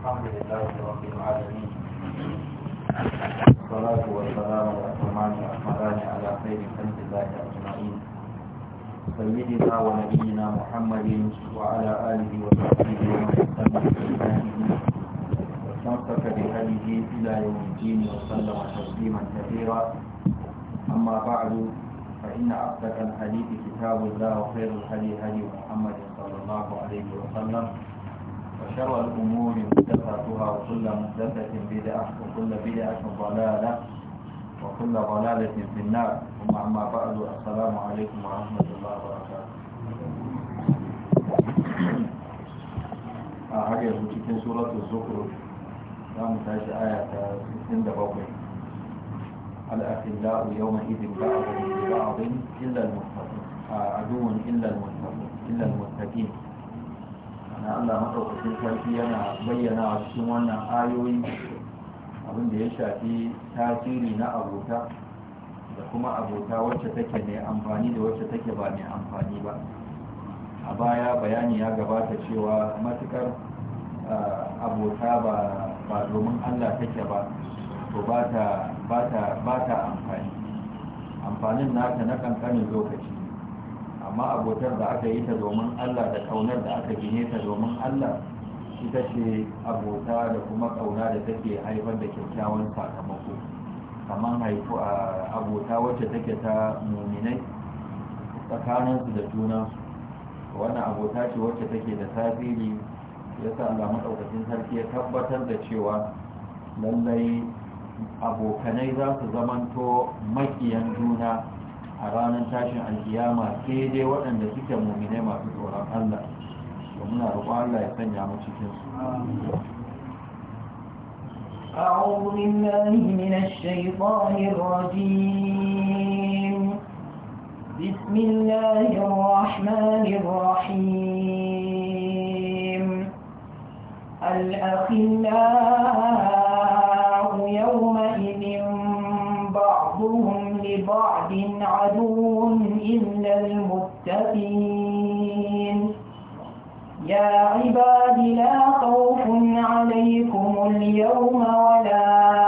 الحمد لله رب العالمين والصلاة والسلام والأكرمان الأكملان على خير سيدنا ونبينا محمد وعلى آله وصحبه ومن اهتم بسنته واستمسك بهديه إلى يوم الدين وسلم تسليما كثيرا أما بعد فإن أصدق الحديث كتاب الله وخير الحديث هدي محمد صلى الله عليه وسلم وشر الأمور مستفاتها وكل مستفة بدعة وكل بدعة ضلالة وكل ضلالة في النار ومع ما بعد السلام عليكم ورحمة الله وبركاته أحد آه، يزوجك سورة الزكر دام تاج آية سند بوقي الأخلاء يومئذ بعض بعض آه، إلا المتقين عدو إلا المتقين إلا المتقين na allah maɗaukacin sarki yana bayyana a cikin wannan ayoyi abin da ya shafi tasiri na abota da kuma abota wacce take mai amfani da wacce take ba mai amfani ba a baya bayani ya gabata cewa matukar abota ba domin allah take ba to ba ta amfani amfanin nata na kankanin lokaci amma abotar da aka yi ta domin Allah da kaunar da aka gine ta domin Allah ita ce abota da kuma kauna da take haifar da kyakkyawan sakamako kamar haifu a abota wacce take ta muminai tsakaninsu da juna wannan abota ce wacce take da tasiri yasa Allah maɗaukacin sarki ya tabbatar da cewa lallai abokanai za su zamanto makiyan juna a ranar tashin alkiyama sai dai waɗanda suke mummune masu tsoron Allah da muna roƙon Allah ya sanya mu cikin su أعوذ بالله من الشيطان الرجيم بسم الله الرحمن الرحيم الأخلاء يومئذ بعضهم لبعض عدو إلا المتقين يا عباد لا خوف عليكم اليوم ولا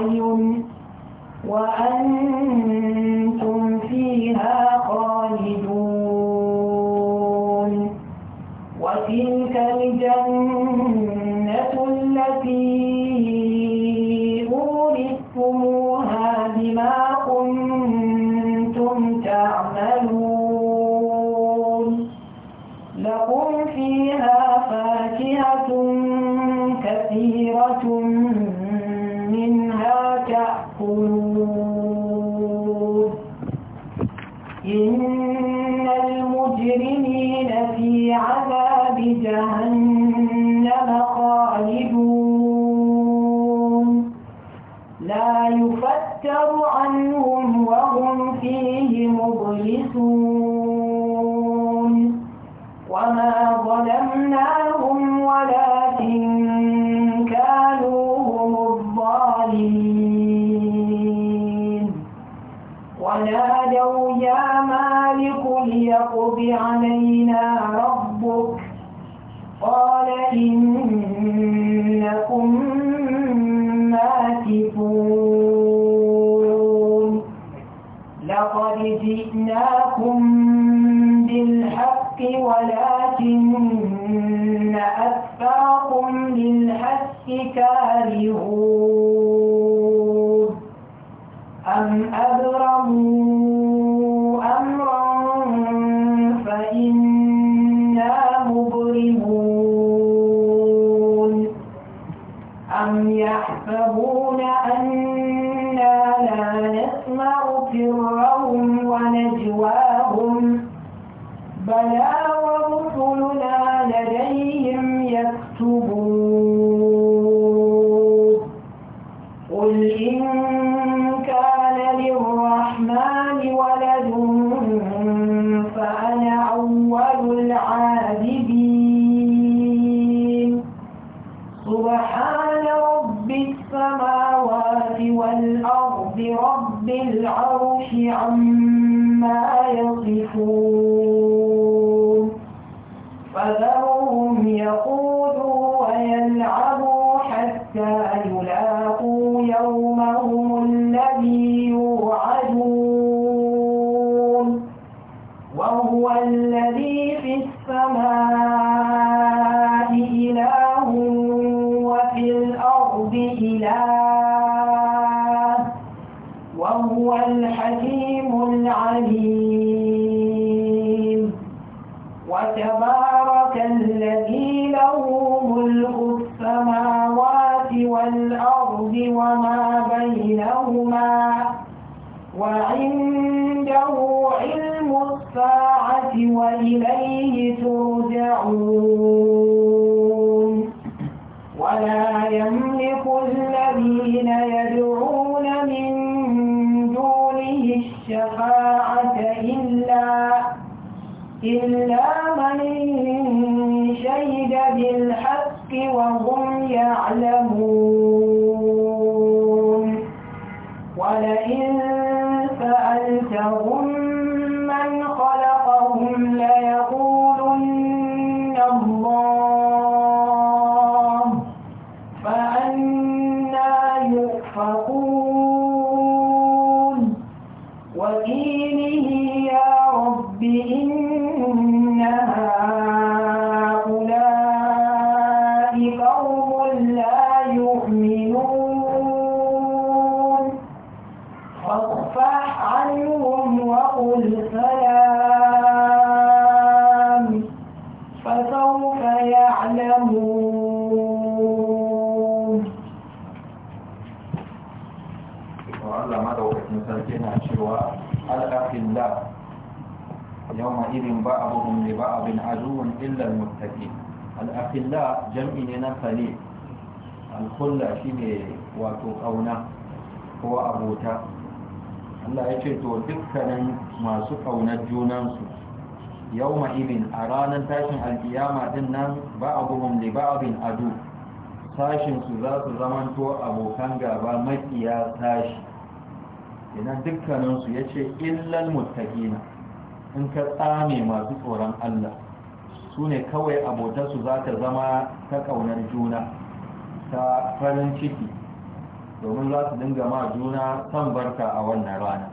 أعين وأنتم فيها خالدون وتلك الجنة التي أورثتموها بما كنتم تعملون لكم فيها فاكهة كثيرة الخلود رب العرش عما يصفون فذرهم يقودوا ويلعبوا حتى يلاقوا يومهم الذي يوعدون وهو الذي في السماء عليم وتبارك الذي له ملك السماوات والأرض وما بينهما وعنده علم الساعة وإليه ترجعون ولا يملك الذين يدعون من الشفاعة إلا إلا من شهد بالحق وهم يعلمون ولئن سألتهم فسوف يعلمون وعلى ما دوكتنا سلكنا شواء الأخلاء يومئذ بعضهم لبعض عدو إلا المتقين الأخلاء جمعنا خليل الخلة شيني وتقونا هو أبوتا Allah ya ce to dukkanin masu ƙaunar junansu Yau idin a ranar tashin alkiyama din nan ba'abuhum li ba'din adu sashin su za su zamanto abokan gaba makiya tashi. idan dukkaninsu? ya yace illal muttaqina in ka tsame masu tsoron Allah su ne kawai abotarsu za ta zama ta ƙaunar juna ta farin ciki domin za su dinga ma juna son barka a wannan rana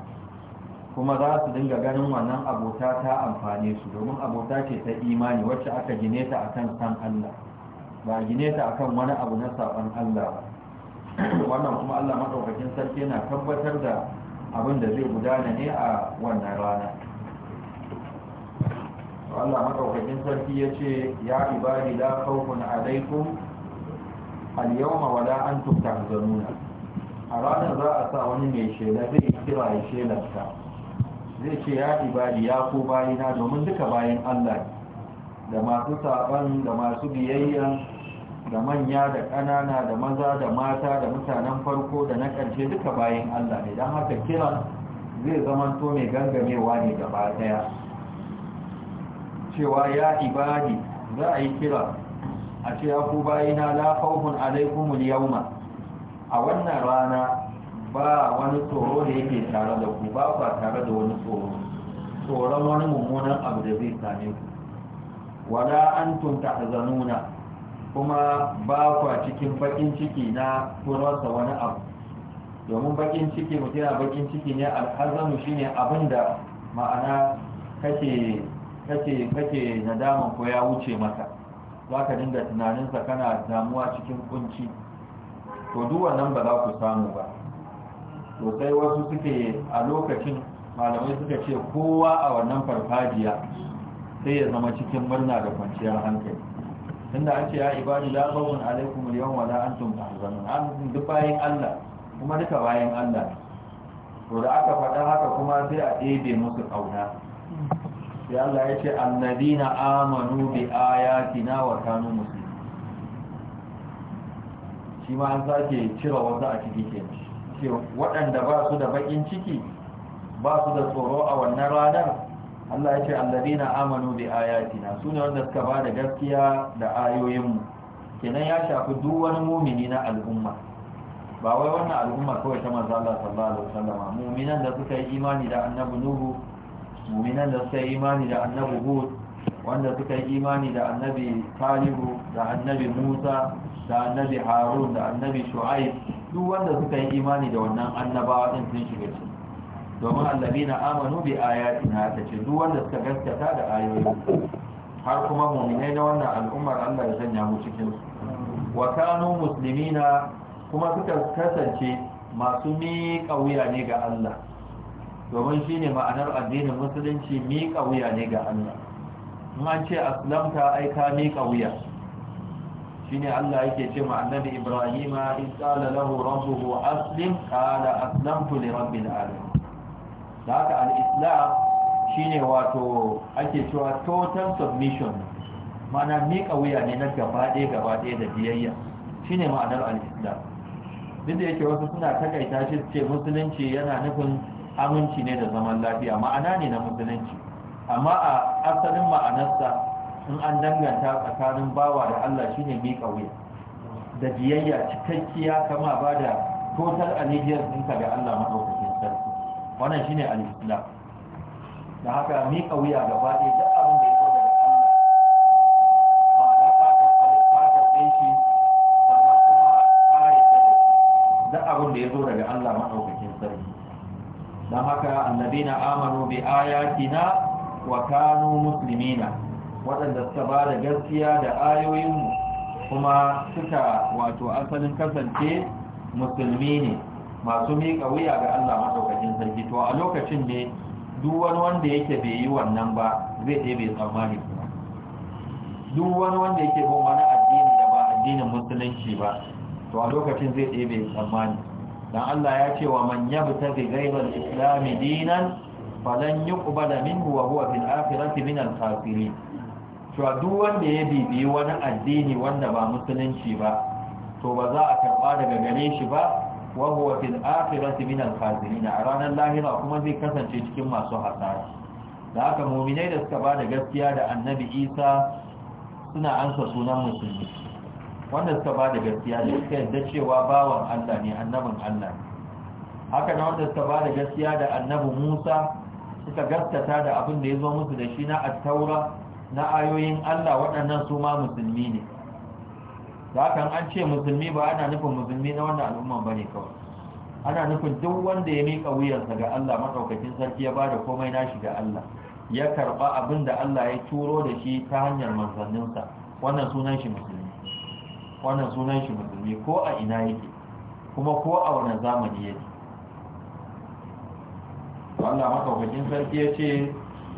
kuma za su dinga ganin wannan abota ta amfane su domin abota ce ta imani wacce aka gine ta akan san Allah ba gine ta akan wani abu na saban Allah ba wannan kuma Allah madaukakin sarki yana tabbatar da abin da zai gudana ne a wannan rana Allah madaukakin sarki ya ce ya ibadi la khawfun alaikum al-yawma wala antum tahzanuna a ranar za a sa wani mai shela zai kira ya zai ce ya ibadi ya ko bayina domin duka bayan Allah da masu saban da masu biyayya da manya da ƙanana da maza da mata da mutanen farko da na ƙarshe duka bayan Allah ne don haka kiran zai zamanto mai gangamewa ne gaba ɗaya cewa ya ibadi za a yi kira a ce ya ko bayina la khawfun alaikumul yawma a wannan rana wani tsoro da yake tare da ku ba ba tare da wani tsoro tsoron wani mummunan abu da zai same ku wala antum zanuna. kuma ba kwa cikin bakin ciki na kurarsa wani abu domin bakin ciki mutum yana bakin ciki ne alhazanu shine abin da ma'ana kake kake kake nadaman ko ya wuce maka. za ka dinga tunaninsa kana damuwa cikin kunci to duk wannan ba za ku samu ba to sai wasu suke a lokacin malamai suka ce kowa a wannan farfajiya sai ya zama cikin murna da kwanciyar hankali tunda an ce ya ibadu la bawun alaikum al wala antum tahzanun an duk bayan Allah kuma duka bayan Allah to da aka faɗa haka kuma sai a ɗebe musu kauna sai Allah ya ce annabina amanu bi ayatina wa kanu muslimin shi ma an sake cire wasu a ciki kenan waɗanda ba su da bakin ciki ba su da tsoro a wannan ranar Allah ya ce alladina amanu bi ayatina ne wanda suka ba da gaskiya da ayoyinmu kenan ya shafi duk wani mumini na al'umma ba wai wannan al'umma kawai ta maza Allah sallallahu alaihi wasallam mu'minan da suka yi imani da annabi nuhu mu'minan da suka yi imani da annabi hud wanda suka yi imani da annabi talibu da annabi musa da annabi harun da annabi shu'aib duk wanda suka yi imani da wannan annabawa din sun shiga ciki domin allabina amanu bi na ta ce duk wanda suka gaskata da ayoyi har kuma mu'minai na wannan al'ummar Allah ya sanya mu cikin su wa kanu muslimina kuma suka kasance masu miƙa wuya ne ga Allah domin shine ma'anar addinin musulunci miƙa wuya ne ga Allah in an ce aslamta ai ka miƙa wuya shine Allah yake ce ma annabi Ibrahim in qala lahu rabbuhu aslim qala aslamtu li rabbil alamin haka al-islam shine wato ake cewa total submission mana mika wuya ne na gaba ɗaya gaba ɗaya da biyayya shine ma'anar al-islam duk da yake wasu suna takaita shi ce musulunci yana nufin aminci ne da zaman lafiya ma'ana ne na musulunci amma a asalin ma'anarsa in an danganta tsakanin bawa da Allah shine miƙa wuya da biyayya cikakkiya kama ba da total allegiance ɗinka ga Allah maɗaukakin sarki wannan shine al-islam da haka miƙa wuya gaba ɗaya duk abin da ya zo daga Allah ba da fata ɗaya shi sannan kuma kare da shi duk abin da ya zo daga Allah maɗaukakin sarki don haka annabina amanu bi ayatina wa kanu muslimina waɗanda suka ba da gaskiya da ayoyinmu kuma suka wato asalin kasance musulmi ne masu miƙa wuya ga Allah maɗaukakin sarki to a lokacin ne duk wani wanda yake bai yi wannan ba zai ɗaya bai tsammani kuma duk wani wanda yake bin wani addini da ba addinin musulunci ba to a lokacin zai ɗaya bai tsammani dan Allah ya ce wa man ta bi gaibar islami dinan falan yuqbala minhu wa huwa fil akhirati min al kafirin cewa duk wanda ya bibiyi wani addini wanda ba musulunci ba to ba za a karba daga gare shi ba wa huwa fil akhirati min al khasirin a ranar lahira kuma zai kasance cikin masu hasara da haka mu'minai da suka bada gaskiya da annabi Isa suna ansa sunan musulmi wanda suka bada gaskiya da suka yadda cewa bawan Allah ne annabin Allah haka na wanda suka bada gaskiya da annabi Musa suka gaskata da abin da ya zo musu da shi na at-taura na ayoyin Allah waɗannan su ma musulmi ne da haka an ce musulmi ba ana nufin musulmi na wannan al'umman ba ne kawai ana nufin duk wanda ya miƙa wuyarsa ga Allah maɗaukakin sarki ya bada komai nashi ga Allah ya karɓa abin da Allah ya turo da shi ta hanyar manzanninsa wannan sunan shi musulmi wannan sunan shi musulmi ko a ina yake kuma ko a wani zamani yake Allah maɗaukakin sarki ya ce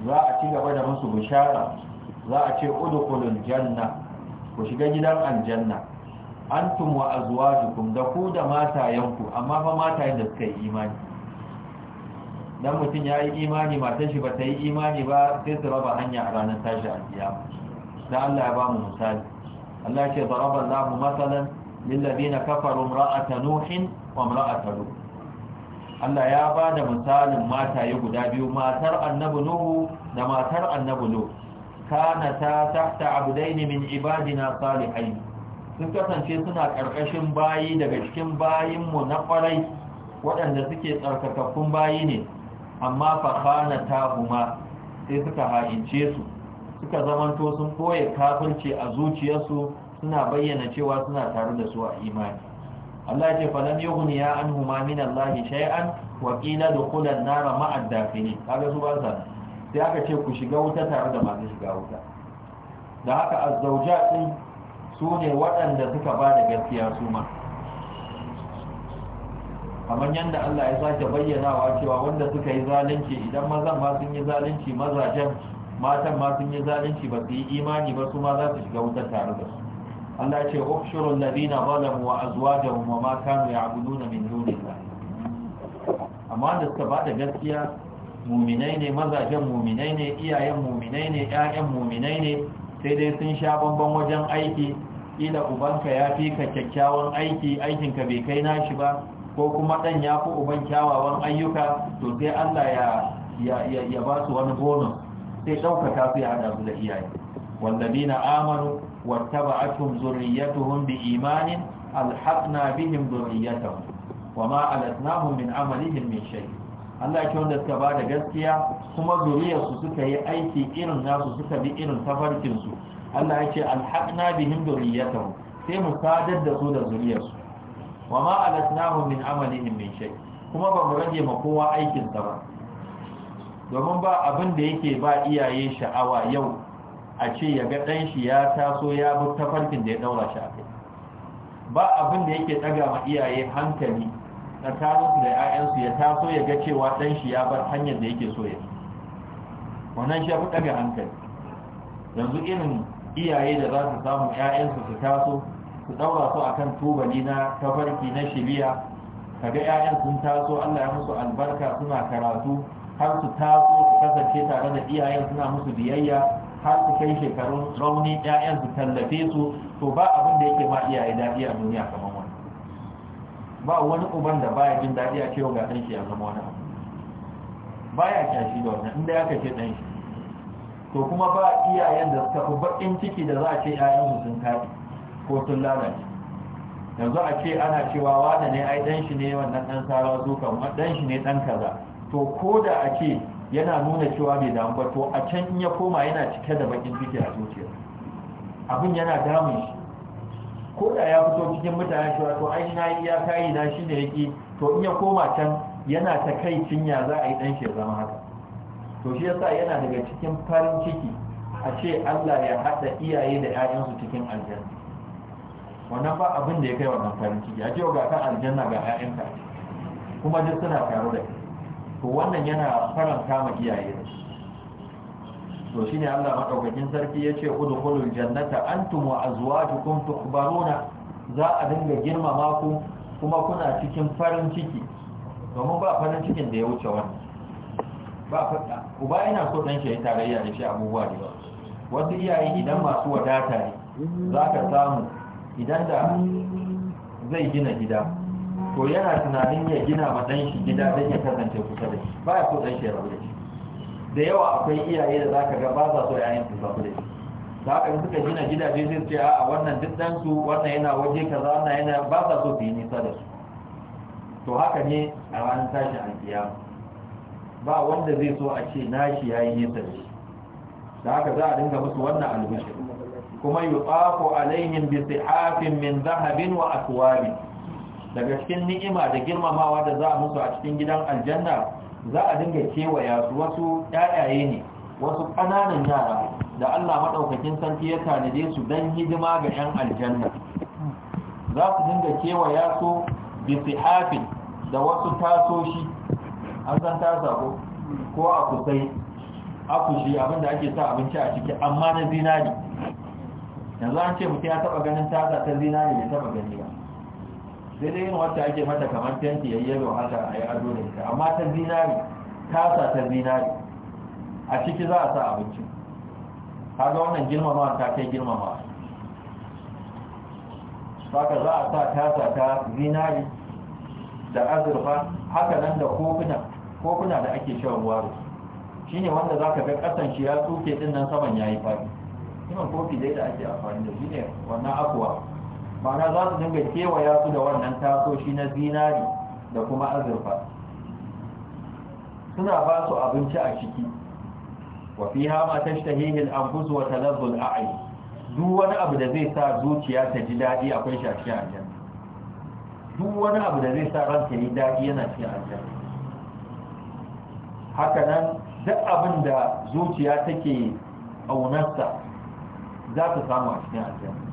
za a ci gaba da musu bishara za a ce udkhulul janna ku shiga gidan aljanna antum wa azwajukum da ku da matayenku amma fa matayen da suka yi imani dan mutum ya yi imani matan shi ba ta yi imani ba sai su raba hanya a ranar tashi alkiyama Da Allah ya ba mu misali Allah ya ce za Allahu masalan lil ladina kafaru imra'ata nuhin wa imra'ata lut Allah ya ba da misalin mataye guda biyu matar annabi nuhu da matar annabi kanata tahta abdaini min ibadina salihain sun kasance suna karkashin bayi daga cikin bayinmu na kwarai waɗanda suke tsarkakakkun bayi ne amma fa ta huma sai suka haince su suka zamanto sun koye kafirci a zuciyarsu suna bayyana cewa suna tare da su a imani Allah ce falam yughni ya anhuma min Allah shay'an wa qila da nar ma'a ad-dakhilin kaga su ba sa sai aka ce ku shiga wuta tare da masu shiga wuta da haka azzauja din su ne waɗanda suka ba da gaskiya su ma kamar yadda Allah ya sake bayyanawa cewa wanda suka yi zalunci idan mazan ma sun yi zalunci mazajen matan ma sun yi zalunci ba su yi imani ba su ma za su shiga wuta tare da su Allah ya ce ukhshurul ladina zalamu wa azwajuhum wa ma kanu ya'buduna min dunillah amma da suka ba da gaskiya muminai ne mazajen muminai ne iyayen muminai ne ƴaƴan muminai ne sai dai sun sha bamban wajen aiki kila ubanka ya fi ka kyakkyawan aiki aikinka bai kai nashi ba ko kuma ɗan ya fi uban kyawawan ayyuka to sai Allah ya ya ba su wani bonus sai ɗaukaka su ya haɗa su da iyaye na amanu wattaba'atuhum zurriyyatuhum biimanin alhaqna bihim zurriyyatahum wama alatnahum min amalihim min shay Allah ya wanda suka bada gaskiya kuma zuriyarsu suka yi aiki irin nasu suka bi irin tafarkinsu. su Allah ya ce alhaqna bihim dhurriyyatahum sai mu sadar da su da zuriyarsu wa ma alatnahum min amalihim min shay kuma ba mu rage ma kowa aikin sa ba domin ba abin da yake ba iyaye sha'awa yau a ce ya ga dan shi ya taso ya bi tafarkin da ya daura shi ba abin da yake ɗaga ma iyaye hankali tsakaninsu da 'ya'yansu ya taso ya ga cewa ɗan shi ya bar hanyar da yake so ya wannan shi ya fi ɗaga hankali yanzu irin iyaye da za su samu 'ya'yansu su taso su ɗaura su a kan tubali na tafarki na shiriya kaga 'ya'yan sun taso Allah ya musu albarka suna karatu har su taso su kasance tare da iyayen suna musu biyayya har su kai shekarun rauni 'ya'yan su tallafe su to ba abin da yake ma iyaye daɗi a duniya kamar ba wani uban da baya jin daɗi a cewa ga ɗan shi ya zama wani baya kyashi da wannan inda ya kace ɗanshi. to kuma ba iyayen da suka fi baƙin ciki da za a ce ƴaƴansu sun kaɗi ko sun lalace yanzu a ce ana cewa wani ne ai ɗanshi shi ne wannan ɗan sarawa su kan ɗanshi ne ɗan kaza to ko da a ce yana nuna cewa bai damu ba to a can in ya koma yana cike da bakin ciki a zuciya abin yana damun shi ko da ya fito cikin mutane shi wato ai na iya kai na shi ne yake to in ya koma can yana ta kai cinya za a yi dan shi zama haka to shi yasa yana daga cikin farin ciki a ce Allah ya hada iyaye da su cikin aljanna wannan ba abin da ya kai wannan farin ciki a ce ga ka aljanna ga ka kuma duk suna tare da kai. to wannan yana faranta ma iyaye da shi so shine Allah madaukakin sarki yace udkhulul jannata antum wa azwajukum tukhbaruna za a dinga girmama ku kuma kuna cikin farin ciki domin ba farin cikin da ya wuce wannan ba fada uba ina so dan shi tarayya da shi abubuwa da yawa wasu iyaye idan masu wadata ne za ka samu idan da zai gina gida to yana tunanin ya gina ma dan shi gida dan ya kasance kusa da shi ba ya so dan shi ya rabu da shi da yawa akwai iyaye da za ka ga ba sa so yayin su samu da ka ta haka suka gina gidaje zai ce a wannan duk su wannan yana waje kaza wannan yana ba sa so su yi nisa da su to haka ne a ranar tashin kiya ba wanda zai so a ce na ya yi nisa da shi da haka za a dinga musu wannan albishir kuma yi tsafo alaihim bi sihafin min zahabin wa akwabin daga cikin ni'ima da girmamawa da za a musu a cikin gidan aljanna za a dinga kewaya su wasu yayaye ne wasu ƙananan yara da Allah maɗaukakin sarki ya tanade su don hidima ga 'yan aljanna za su dinga kewaya su hafin da wasu tasoshi an san tasa ko ko a kusai abinda ake sa abinci a ciki amma na zinari yanzu an ce mutum ya taɓa ganin tasa ta zinari bai taɓa gani ba sai dai yin wata ake mata kamar tenti ya yi haka a yi ado da ita amma ta zinari kasa ta zinari a ciki za a sa abinci ga wannan girmamawa ta kai girmamawa saka za a sa tasa ta zinari da azurfa haka nan da kofuna kofuna da ake shan ruwa da shi ne wanda za ka ga ƙasan shi ya tsuke ɗin nan saman ya yi faɗi iman kofi dai da ake amfani da shi ne wannan akuwa ma'ana za su dinga kewaya su da wannan tasoshi na zinari da kuma azurfa suna ba su abinci a ciki wa fi hama ta shahihil anfus wa talazzul a'yi duk wani abu da zai sa zuciya ta ji dadi akwai shashi a aljanna duk wani abu da zai sa ta yi dadi yana cikin aljanna haka nan duk abin da zuciya take aunarsa za ta samu a cikin aljanna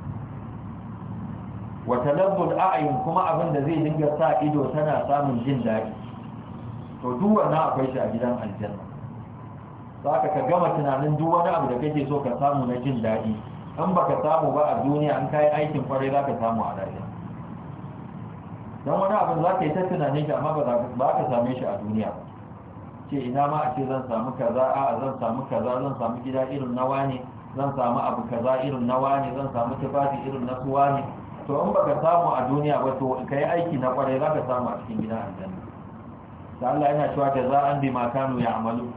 wa talabbul a'yun kuma abin da zai dinga sa ido tana samun jin daɗi to duk wannan akwai shi a gidan aljanna saka ka gama tunanin duk wani abu da kake so ka samu na jin daɗi in baka samu ba a duniya an kai aikin kwarai za ka samu a rayuwa don wani abin za ka yi ta tunanin shi amma ba ka same shi a duniya Ke ce ina ma a ce zan samu kaza a zan samu kaza zan samu gida irin nawa ne zan samu abu kaza irin nawa ne zan samu tufafi irin na suwa ne to in baka samu a duniya ba to kai aiki na kwarai za ka samu a cikin gidan aljanna da Allah yana cewa da za an bi makanu ya amalu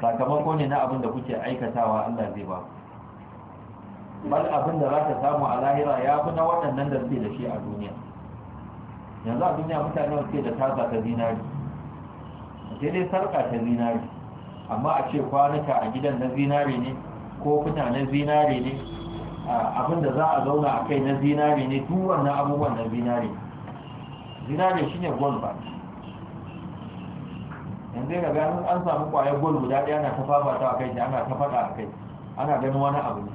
sakamako ne na abin da kuke aikatawa Allah zai ba bal abin da za ka samu a lahira ya fi na waɗannan da suke da shi a duniya yanzu a duniya mutane suke da tasa ta zinari sai dai sarƙa ta zinari amma a ce kwanuka a gidan na zinari ne ko fita na zinari ne abin da za a zauna a kai na zinari ne duk wannan abubuwan na zinari zinari shine gold ba yanzu ga ganin an samu kwayar gold guda ɗaya na ta fafata a kai shi ana ta faɗa a kai ana ganin wani abu ne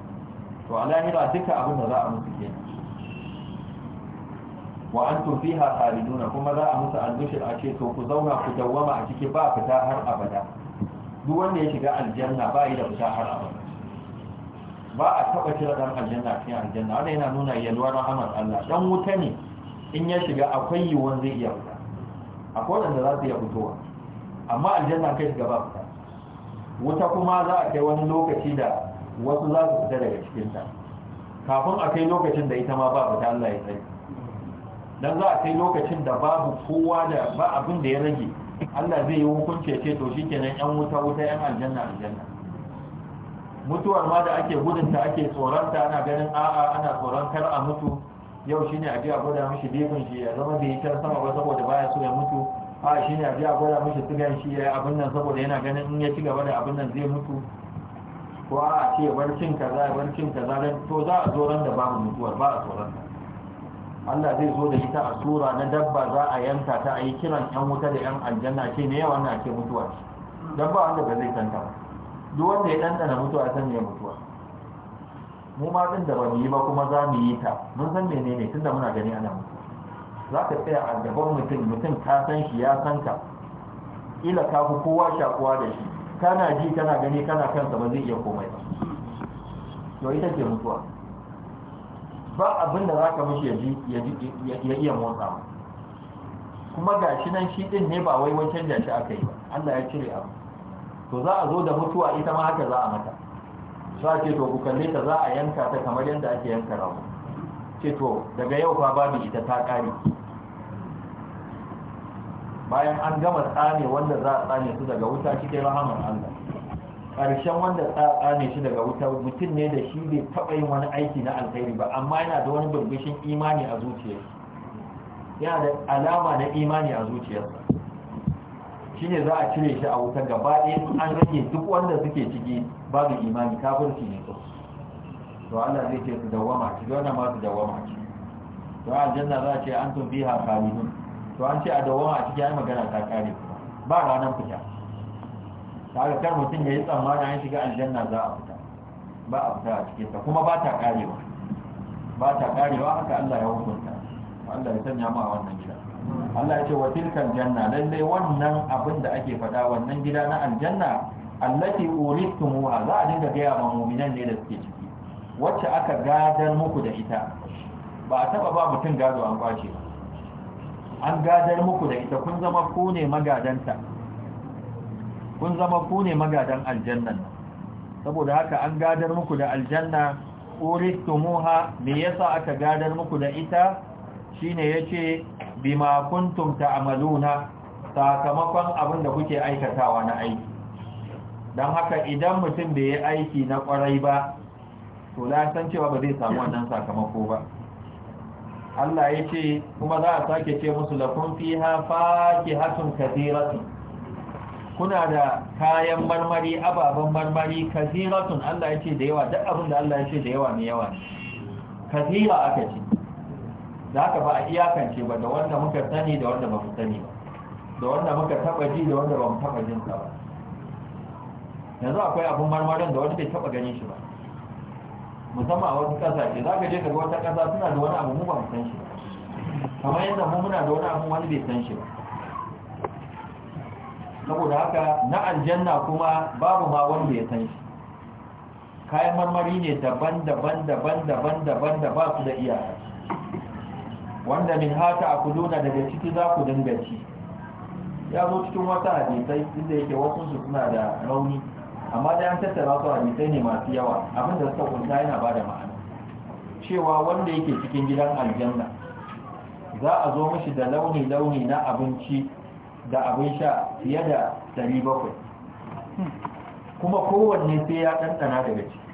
to a lahira duka abin da za a musu kenan wa an ha tsari nuna kuma za a musu albishir a ce to ku zauna ku dawwama a ciki ba fita har abada duk wanda ya shiga aljanna ba yi da fita har abada ba a taba kira dan aljanna cikin aljanna wannan yana nuna yalwar rahamar Allah dan wuta ne in ya shiga akwai yiwuwar zai iya fita akwai wanda za su iya fitowa amma aljanna kai shiga ba fita wuta kuma za a kai wani lokaci da wasu za su fita daga cikinta kafin a kai lokacin da ita ma ba fita Allah ya sani dan za a kai lokacin da babu kowa da ba abin da ya rage Allah zai yi hukunce ce to shikenan yan wuta wuta yan aljanna aljanna mutuwar ma da ake gudunta ake tsoronta ana ganin a'a ana tsoron kar a mutu yau shine a biya gwada mishi bifin shi ya zama bai can sama ba saboda baya so ya mutu a shine a biya gwada mishi sigan shi ya abin nan saboda yana ganin in ya ci gaba da abin nan zai mutu ko a ce barcin kaza barcin za dan to za a zo ran da babu mutuwar ba a tsoron Allah zai zo da ita a sura na dabba za a yanka ta a yi kiran yan wuta da yan aljanna ce ne yawan na ce mutuwa dabba ba wanda ba zai tanta ba duk wanda ya ɗanɗana mutuwa san me mutuwa mu ma din da ba mu yi ba kuma za mu yi ta mun san menene tunda muna gani ana mutuwa za ka tsaya a gaban mutum mutum ka san shi ya san ka ila ka fi kowa shakuwa da shi kana ji kana gani kana kansa ba zai iya komai ba to ita ce mutuwa ba abin da za ka mishi ya iya motsa kuma ga shi nan shi ɗin ne ba wai wancan da shi aka yi ba Allah ya cire abu to za a zo da mutuwa ita ma haka za a mata za ce to ku kalle ta za a yanka ta kamar yadda ake yanka rawa ce to daga yau fa babu ita ta kare bayan an gama tsane wanda za a tsane su daga wuta cikin rahaman Allah ƙarshen wanda tsane shi daga wuta mutum ne da shi bai taɓa yin wani aiki na alkhairi ba amma yana da wani burbushin imani a zuciyarsa yana da alama na imani a zuciyarsa shine za a cire shi a wutar gaba ɗaya an rage duk wanda suke ciki babu imani kafirci ne su to Allah zai ce su dawwama ci dole ma su dawwama ci to aljanna za a ce an tun biha khalidun to an ce a dawwama a cikin magana ta kare ba ranar fita Ta ga kar mutum ya yi tsammani an shiga aljanna za a fita ba a fita a cikin ta kuma ba ta karewa ba ta karewa haka Allah ya hukunta Allah ya sanya mu a wannan gida Allah ya ce wa tilkan janna lallai wannan abin da ake faɗa wannan gida na aljanna allati uritumuha za a dinga gaya ma mu'minan ne da suke ciki wacce aka gadar muku da ita ba a taba ba mutum gado an kwace an gadar muku da ita kun zama ku ne magadanta kun zama ku ne magadan aljannan saboda haka an gadar muku da aljanna uritumuha me yasa aka gadar muku da ita shine yace bima kuntum ta'maluna sakamakon abin da kuke aikatawa na aiki don haka idan mutum bai yi aiki na kwarai ba to san cewa ba zai samu wannan sakamako ba Allah ya ce kuma za a sake ce musu lafin fiha fakihatun kathiratun kuna da kayan marmari ababen marmari kathiratun Allah ya ce da yawa duk abin da Allah ya ce da yawa ne yawa kathira aka ce da haka ba a iyakance ba da wanda muka sani da wanda ba mu sani ba da wanda muka taba ji da wanda ba mu taba jin sa ba yanzu akwai abun marmarin da wanda bai taba ganin shi ba musamman a wasu kasashe za ka je ka ga wata kasa suna da wani abu mu ba mu san shi ba kamar yadda mu muna da wani abu wani bai san shi ba saboda haka na aljanna kuma babu ma wanda ya san shi kayan marmari ne daban-daban daban-daban daban da ba su da iyaka wanda min hata akuluna daga ciki za ku dinga ci ya zo cikin wata hadisai inda yake wasu su suna da rauni amma da an tattara su hadisai ne masu yawa abinda suka kunta yana ba da ma'ana cewa wanda yake cikin gidan aljanna za a zo mishi da launi-launi na abinci da abin sha fiye da 700 kuma kowanne sai ya ɗanɗana daga ciki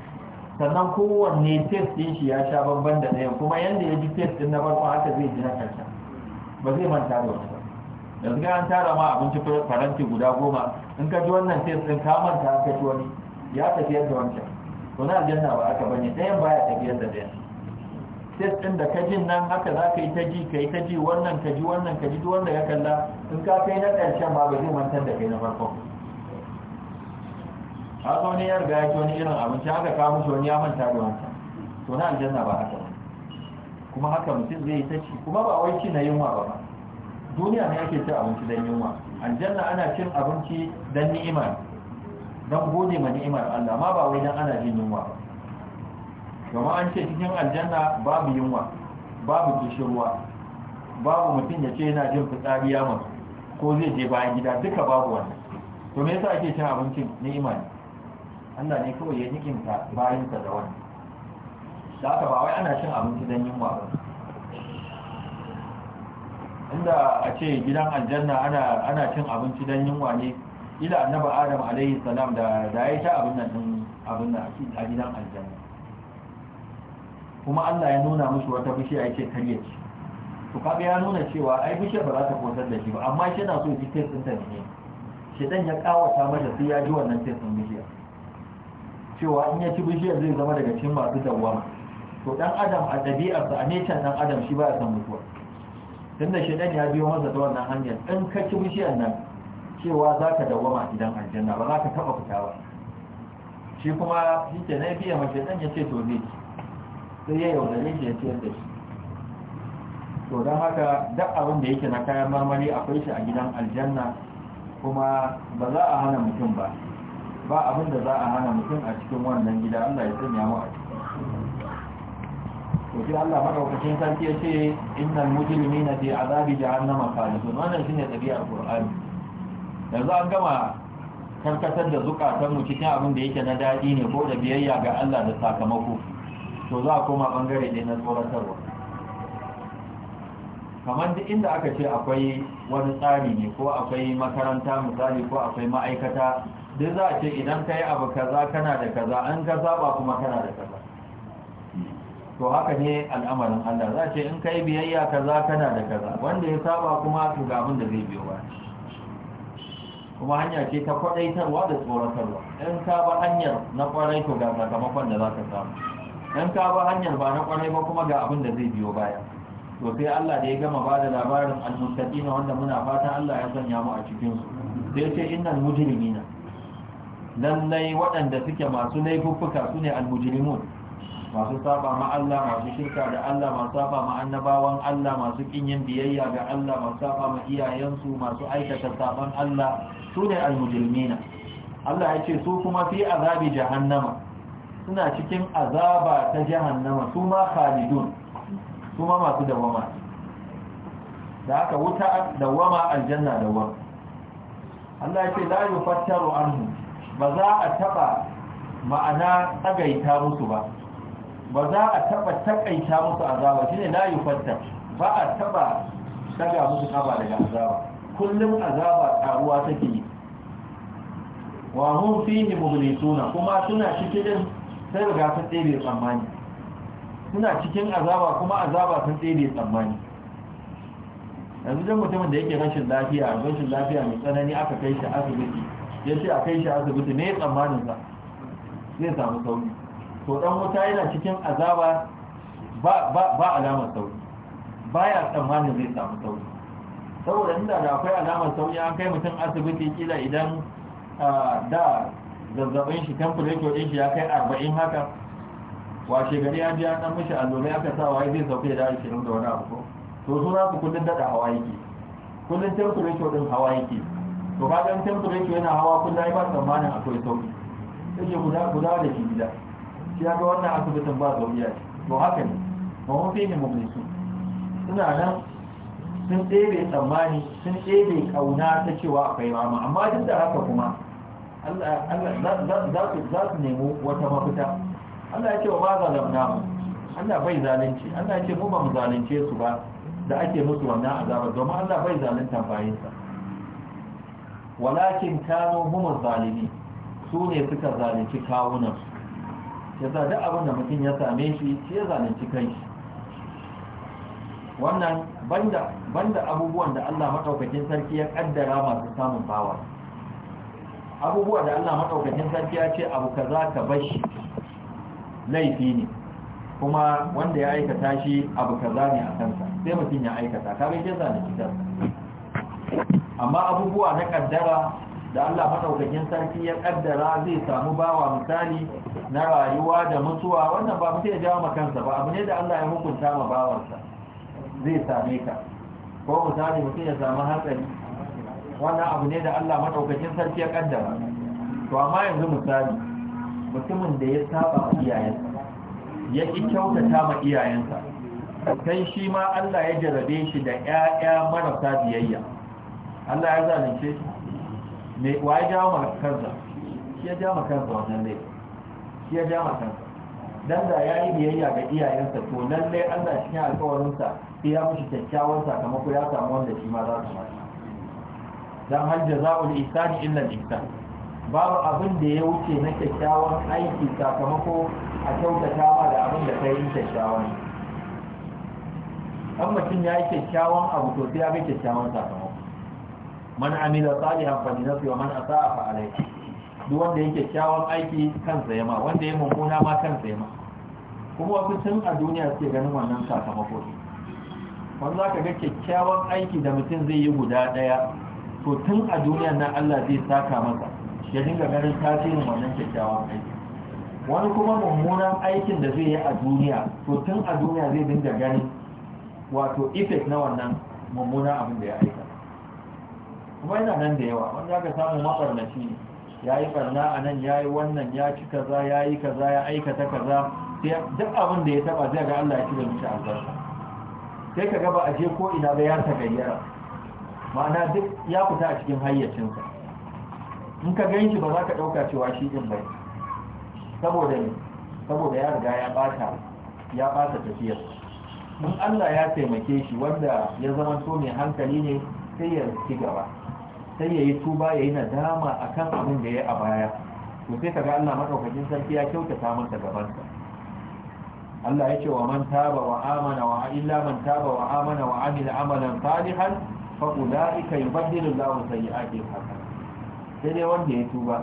sannan kowanne test din shi ya sha bamban da ɗayan kuma yadda ya ji test din na farko haka zai ji na ƙarshen ba zai manta da wani ba yanzu ga an tara ma abinci faranti guda goma in ka ji wannan test din ka manta ka ci wani ya tafi yadda wancan to na aljanna ba aka bane ɗayan baya tafi yadda ɗayan test din da ka jin nan haka za ka yi ta ji ka yi ta ji wannan ka ji wannan ka ji duk wanda ya kalla in ka kai na ƙarshen ba ba zai manta da kai na farkon haka wani ya riga ya wani irin abinci haka ka mushi wani ya manta da wancan to na aljanna ba haka ba kuma haka mutum zai yi ta ci kuma ba wai ci na yunwa ba ba duniya ne ake cin abinci don yunwa aljanna ana cin abinci don ni'ima don gode ma ni'imar Allah ma ba wai don ana jin yunwa ba kuma an ce cikin aljanna babu yunwa babu kishirwa babu mutum ya ce yana jin fitsari yaman ko zai je bayan gida duka babu wannan to me yasa ake cin abincin ni'ima ne Allah ne kawai ya nikinta bayansa da wani da aka ba wai ana cin abinci don yin ba inda a ce gidan aljanna ana cin abinci don yin ne ila annaba adam alaihi salam da da ya sha abin nan din abin nan a gidan aljanna kuma Allah ya nuna musu wata bishiya ya ce karye ci to kaɓe ya nuna cewa ai bishiya ba za ta kotar da shi ba amma shi na so ya ji taste ne shi ya kawata masa sai ya ji wannan taste ɗin cewa in ya ci bishiyar zai zama daga cikin masu dawwama to dan adam a ɗabi'arsa a necan dan adam shi ba ya san mutuwa tunda shaidan ya biyo masa ta wannan hanyar in ka ci bishiyar nan cewa za ka dawwama a gidan aljanna ba za ka taɓa fita ba shi kuma shi ke na biya mace ɗan ya ce to zai sai ya da shi ya ciyar da shi to don haka duk abin da yake na kayan marmari akwai shi a gidan aljanna kuma ba za a hana mutum ba ba abin da za a hana mutum a cikin wannan gida Allah ya sanya mu a ciki to Allah madaukakin sarki ya ce innal mujrimina fi azabi jahannama khalidun wannan shine tabi'ar Qur'ani yanzu an gama karkatar da zukatan mu cikin abin da yake na dadi ne ko da biyayya ga Allah da sakamako to za a koma bangare ne na tsoratarwa kamar duk inda aka ce akwai wani tsari ne ko akwai makaranta misali ko akwai ma'aikata duk za a ce idan ka yi abu kaza kana da kaza an ka saba kuma kana da kaza to haka ne al'amarin Allah za a ce in ka yi biyayya kaza kana da kaza wanda ya saba kuma su ga abin da zai biyo ba kuma hanya ce ta kwadaitarwa da tsoratarwa in ka ba hanyar na kwarai to ga sakamakon da za ka samu in ka ba hanyar ba na kwarai ba kuma ga abin da zai biyo baya to sai Allah da ya gama ba da labarin al wanda muna fatan Allah ya sanya mu a cikin su sai ce innal mujrimina lallai waɗanda suke masu laifuffuka su ne almujrimun masu saba ma Allah masu shirka da Allah masu saba ma annabawan Allah masu kinyin biyayya ga Allah masu saba ma iyayensu masu aikata saban Allah su ne almujrimina Allah ya ce su kuma fi azabi jahannama suna cikin azaba ta jahannama su ma khalidun su ma masu dawama da haka wuta dawama aljanna dawama Allah ya ce la yufattaru anhu ba za a taba ma'ana tsagaita musu ba ba za a taba takaita musu azaba na yi yufatta ba a taba daga musu kaba daga azaba kullum azaba karuwa take yi wa ni fihi suna kuma suna cikin sai riga sun tsere tsammani suna cikin azaba kuma azaba sun tsere tsammani yanzu don mutumin da yake rashin lafiya rashin lafiya mai tsanani aka kai shi asibiti ya ce a kai shi asibiti ne tsammanin sa zai samu sauki to dan wuta yana cikin azaba ba alamar sauki baya tsammanin zai samu sauki saboda inda da akwai alamar sauki an kai mutum asibiti kila idan da zazzabin shi temperature din shi ya kai arba'in haka washe gari ya ji an dan mishi allolai aka sa waye zai sauke da ashirin da wani abu to su za su kullum daɗa hawa yake kullum temperature din hawa yake to dan ɗan temperature yana hawa kullum ba tsammanin akwai sauki yake ke guda da shi gida shi ga wannan asibitin ba zuriya ce to haka ne ba mun fi ne su suna nan sun ɗebe tsammani sun ɗebe ƙauna ta cewa akwai mama amma duk da haka kuma za su nemo wata mafita Allah ya ce wa ba zalamna mu Allah bai zalunci Allah ya ce mu ba mu zalunce su ba da ake musu wannan azabar domin Allah bai zalunta bayinsa walakin kano huma zalimi su ne suka zalunci kawunan ya zaɗi abin da mutum ya same shi shi ya zalunci kanshi wannan banda abubuwan da allah maɗaukakin sarki ya ƙaddara masu samun bawa abubuwa da allah maɗaukakin sarki ya ce abu kaza ka bashi laifi ne kuma wanda ya aikata shi abu kaza ne a kansa sai mutum ya aikata kawai ya zalunci kansa amma abubuwa na kaddara da Allah madaukakin sarki ya kaddara zai samu bawa misali na rayuwa da mutuwa wannan ba mutum ya jawo ma kansa ba abu ne da Allah ya hukunta ma bawansa zai same ka ko misali mutum ya samu hatsari wannan abu ne da Allah madaukakin sarki ya kaddara to amma yanzu misali mutumin da ya saba iyayensa ya ki kyautata ma iyayensa kai shi ma Allah ya jarabe shi da ƴaƴa marasa biyayya Allah ya zalunce shi me wa ya jawo maka kansa shi ya jawo maka kansa wannan ne shi ya jawo maka kansa dan da yayi biyayya ga iyayensa to lalle Allah shi ya alƙawarin sa sai ya mushi kyakkyawan sakamako ya samu wanda shi ma za su mata dan hal jazaa'ul ihsan illa al-ihsan babu abin da ya wuce na kyakkyawan aiki sakamako a kyautata ma da abin da kai kyakkyawan an mutum ya yi kyakkyawan abu to sai ya ga kyakkyawan sakamako man amila salihan fa linafsi wa man asaa fa alayhi duk wanda yake kyawun aiki kansa yama wanda ya mummuna ma kansa yama kuma wasu tun a duniya suke ganin wannan sakamako ne wanda za ka ga kyakkyawan aiki da mutum zai yi guda ɗaya to tun a duniya nan Allah zai saka masa ya dinga ganin tasirin wannan kyakkyawan aiki wani kuma mummunan aikin da zai yi a duniya to tun a duniya zai dinga ganin wato effect na wannan mummunan abin da ya aika kuma yana nan da yawa wanda aka samu mabarnaci ne ya yi barna a nan ya yi wannan ya ci kaza ya yi kaza ya aikata kaza duk abin da ya taba zai ga Allah ya cire mishi albarka sai ka gaba a je ko ina ba ya tagayyara ma'ana duk ya fita a cikin hayyacinsa in ka gan shi ba za ka ɗauka cewa shi ɗin bai saboda ne saboda ya riga ya ɓata ya ɓata tafiyar in Allah ya taimake shi wanda ya zama so mai hankali ne sai ya ci gaba sai ya yi tuba ya yi nadama a kan abin da ya a baya to sai kaga Allah maɗaukakin sarki ya kyautata masa gabansa Allah ya ce wa man taba wa amana wa illa man taba wa amana wa amila amalan salihan fa ulaika yubaddilu Allahu sayyi'atihim hasanat sai dai wanda ya tuba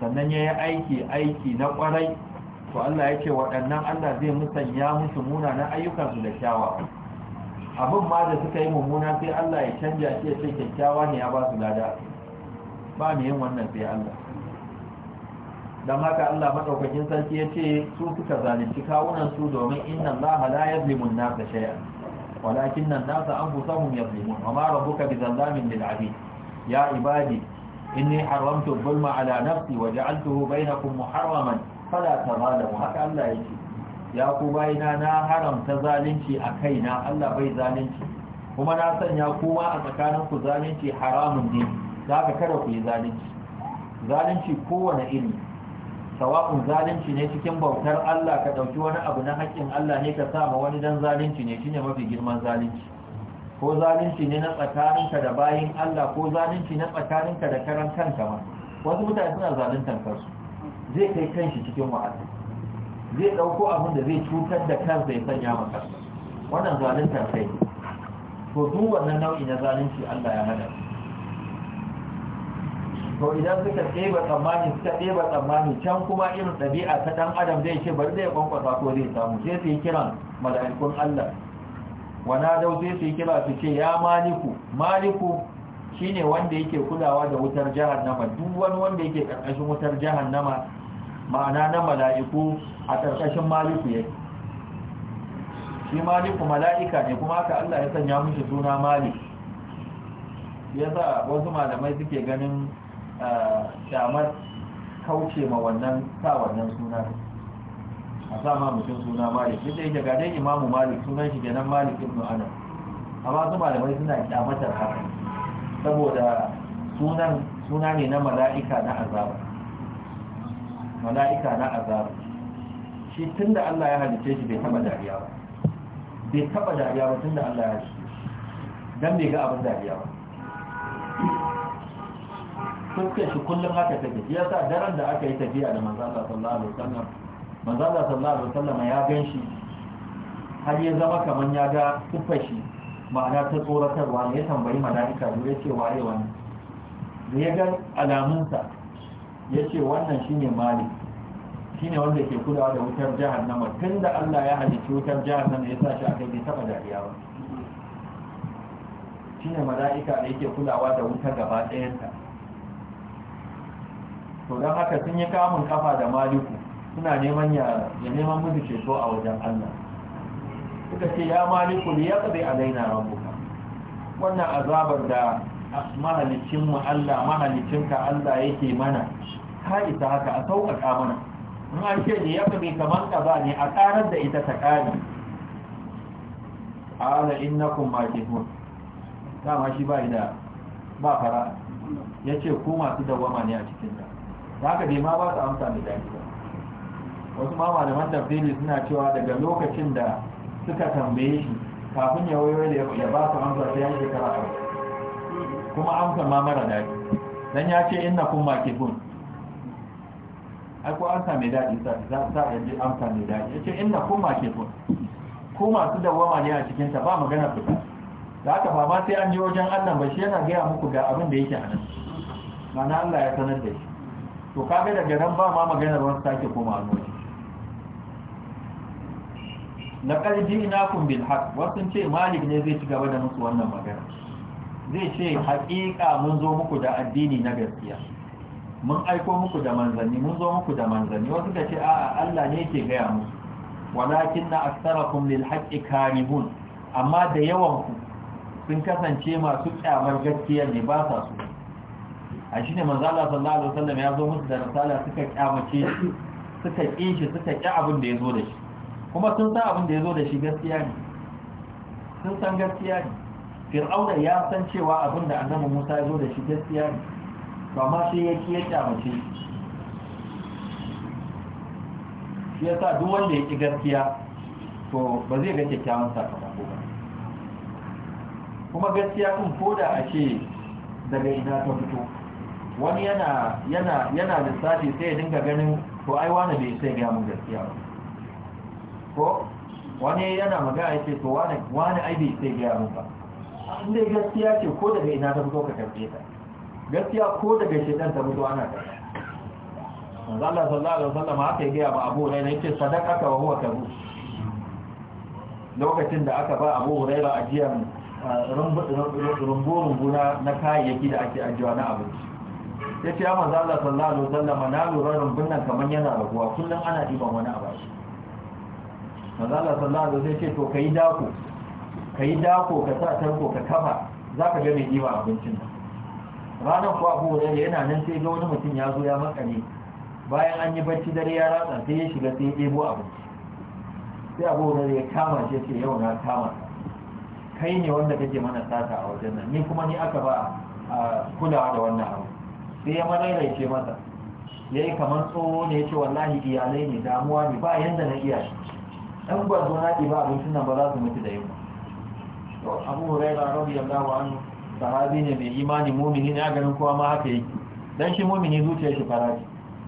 sannan ya yi aiki aiki na kwarai to Allah ya ce waɗannan Allah zai musanya musu muna munanan ayyukansu da kyawawa abin ma da suka yi mummuna sai Allah ya canja shi ya ce kyakkyawa ne ya ba su lada ba mu yin wannan sai Allah dan haka Allah maɗaukakin sarki ya ce su suka zalunci kawunan su domin inna Allah la yazlimu nasa shay'an walakinna an-nasa anfusahum yazlimun wa ma rabbuka bizallamin lil 'abid ya ibadi inni haramtu adh-dhulma 'ala nafsi wa ja'altuhu bainakum muharraman fala tadhalamu haka Allah ya ce ya ku bayina na haramta zalunci a kaina Allah bai zalunci kuma na sanya kowa a tsakanin ku zalunci haramun ne da ka kada ku yi zalunci zalunci kowane iri sawa'un zalunci ne cikin bautar Allah ka dauki wani abu na haƙƙin Allah ne ka sama wani dan zalunci ne shine mafi girman zalunci ko zalunci ne na tsakaninka da bayin Allah ko zalunci na tsakaninka da karan kanka ma wasu mutane suna zaluntar kansu zai kai kanshi cikin wa'azi zai dauko abin da zai cutar da kan zai sanya maka wannan zalunta sai to duk wannan nau'i na zalunci Allah ya hada to idan suka ɗeba tsammani suka ɗeba tsammani can kuma irin ɗabi'a ta ɗan adam zai ce bari zai kwankwasa ko zai samu sai su yi kiran mala'ikun Allah wana dau sai su yi kira su ce ya maliku maliku shine wanda yake kulawa da wutar jahannama duk wani wanda yake karkashin wutar jahannama ma'ana na mala'iku a ƙarƙashin maliku ya shi maliku mala'ika ne kuma aka Allah ya sanya mishi suna malik ya sa wasu malamai suke ganin shamar kauce ma wannan sa wannan suna a sa ma mutum suna malik duk da yake ga dai imamu malik sunan shi kenan malik ibn anas amma su malamai suna kyamatar haka saboda sunan suna ne na mala'ika na azaba mala'ika na azabu shi tun da Allah ya halice shi bai taba dariya ba bai taba dariya ba tun da Allah ya halice don bai ga abin dariya ba fuskar shi kullum haka take shi yasa daren da aka yi tafiya da manzo Allah sallallahu alaihi wasallam manzo Allah sallallahu alaihi wasallam ya gan shi har ya zama kaman ya ga kuffar shi ma'ana ta tsoratarwa ne ya tambayi mala'ika ya ce waye wani da ya ga alamunsa ya ce wannan shine shi shine wanda ke kulawa da wutar jahannama tun da allah ya halicci wutar jihar jahannama ya sa shi a kai bai taba dariya ba ne mala'ika da yake kulawa da wuta gaba ɗayanta to don haka sun yi kamun kafa da maliku suna neman ya neman mutu ceto a wajen allah suka ce ya maliku da ya tsaye alaina rambuka wannan azabar da mahalicinmu mu Allah mahalicinka Allah yake mana ka isa haka a sauƙaƙa mana in an ce ne ya fi kamar ka ba ne a ƙarar da ita ta ƙari ala innakum makithun dama shi ba da ba fara ya ce ko masu dawama ne a cikin ta ta haka dai ma ba su amsa mai daɗi ba wasu ma malaman fili suna cewa daga lokacin da suka tambaye shi kafin ya wayo da ya ba su amsa sai ya shekara kuma amsa ma mara daɗi dan ya ce inna kun makifun ai ko amsa mai daɗi za ta ji amsa mai daɗi ya ce inna kun makifun ko masu dawwama ne a cikinta ba magana fita da haka ba ma sai an je wajen Allah ba shi yana gaya muku ga abin da yake a nan mana Allah ya sanar da shi to kaga daga nan ba ma maganar wani sake koma a nuna na ƙarji ina kun bilhak wasu ce malik ne zai ci gaba da musu wannan magana zai ce haƙiƙa mun zo muku da addini na gaskiya mun aiko muku da manzanni mun zo muku da manzanni wasu da ce a'a Allah ne yake gaya musu walakin na aksarakum lil haqqi karihun amma da yawan ku sun kasance masu kyamar gaskiya ne ba sa so. a ne manzo Allah sallallahu alaihi wasallam ya zo musu da risala suka kyamace shi suka ƙi shi suka ƙi abin da ya zo da shi kuma sun san abin da ya zo da shi gaskiya ne sun san gaskiya ne fir'auna ya san cewa abin da annabi musa ya zo da shi gaskiya ne ba ma shi ya ki ya kyamace shi ya sa duk wanda ya ki gaskiya to ba zai ga kyakkyawan sakamako ba kuma gaskiya kun da a ce daga ina ta fito wani yana yana yana lissafi sai ya dinga ganin to ai wani bai sai ga mun gaskiya ba ko wani yana magana ce to wani wani ai bai sai ga mun ba inda gaskiya ce ko daga ina ta fito ka tambaye ta gaskiya ko daga shedan ta fito ana ta manzo Allah sallallahu alaihi wasallam yi gaya ba Abu Hurairah yake sadaqaka wa huwa kabu lokacin da aka ba Abu Hurairah ajiyar rumbu-rumbu na kayayyaki da ake ajiyar na abinci ya ce ya maza Allah sallallahu alaihi wasallam na lura rumbun nan kamar yana raguwa kullum ana diban wani abu maza Allah sallallahu alaihi wasallam ya ce to kai dako ka yi dako ka sa tarko ka kafa za ka ga mai ɗiba abincin ranar kuwa abu wadanda yana nan sai ga wani mutum ya zo ya ne, bayan an yi bacci dare ya ratsa sai ya shiga sai ya ɗebo abinci sai abu wadanda ya kama shi ce yau na kama kai ne wanda kake mana sata a wajen nan ni kuma ni aka ba a kulawa da wannan abu sai ya ce masa ya yi kamar tsoho ne ya ce wallahi iyalai ne damuwa ne ba yadda na iya shi ɗan gwazo na ɗiba abincin nan ba za su mutu da yamma abu huraira radiyallahu anhu sahabi ne mai imani mumini ne ganin kowa ma haka yake dan shi mumini zuciya shi faraji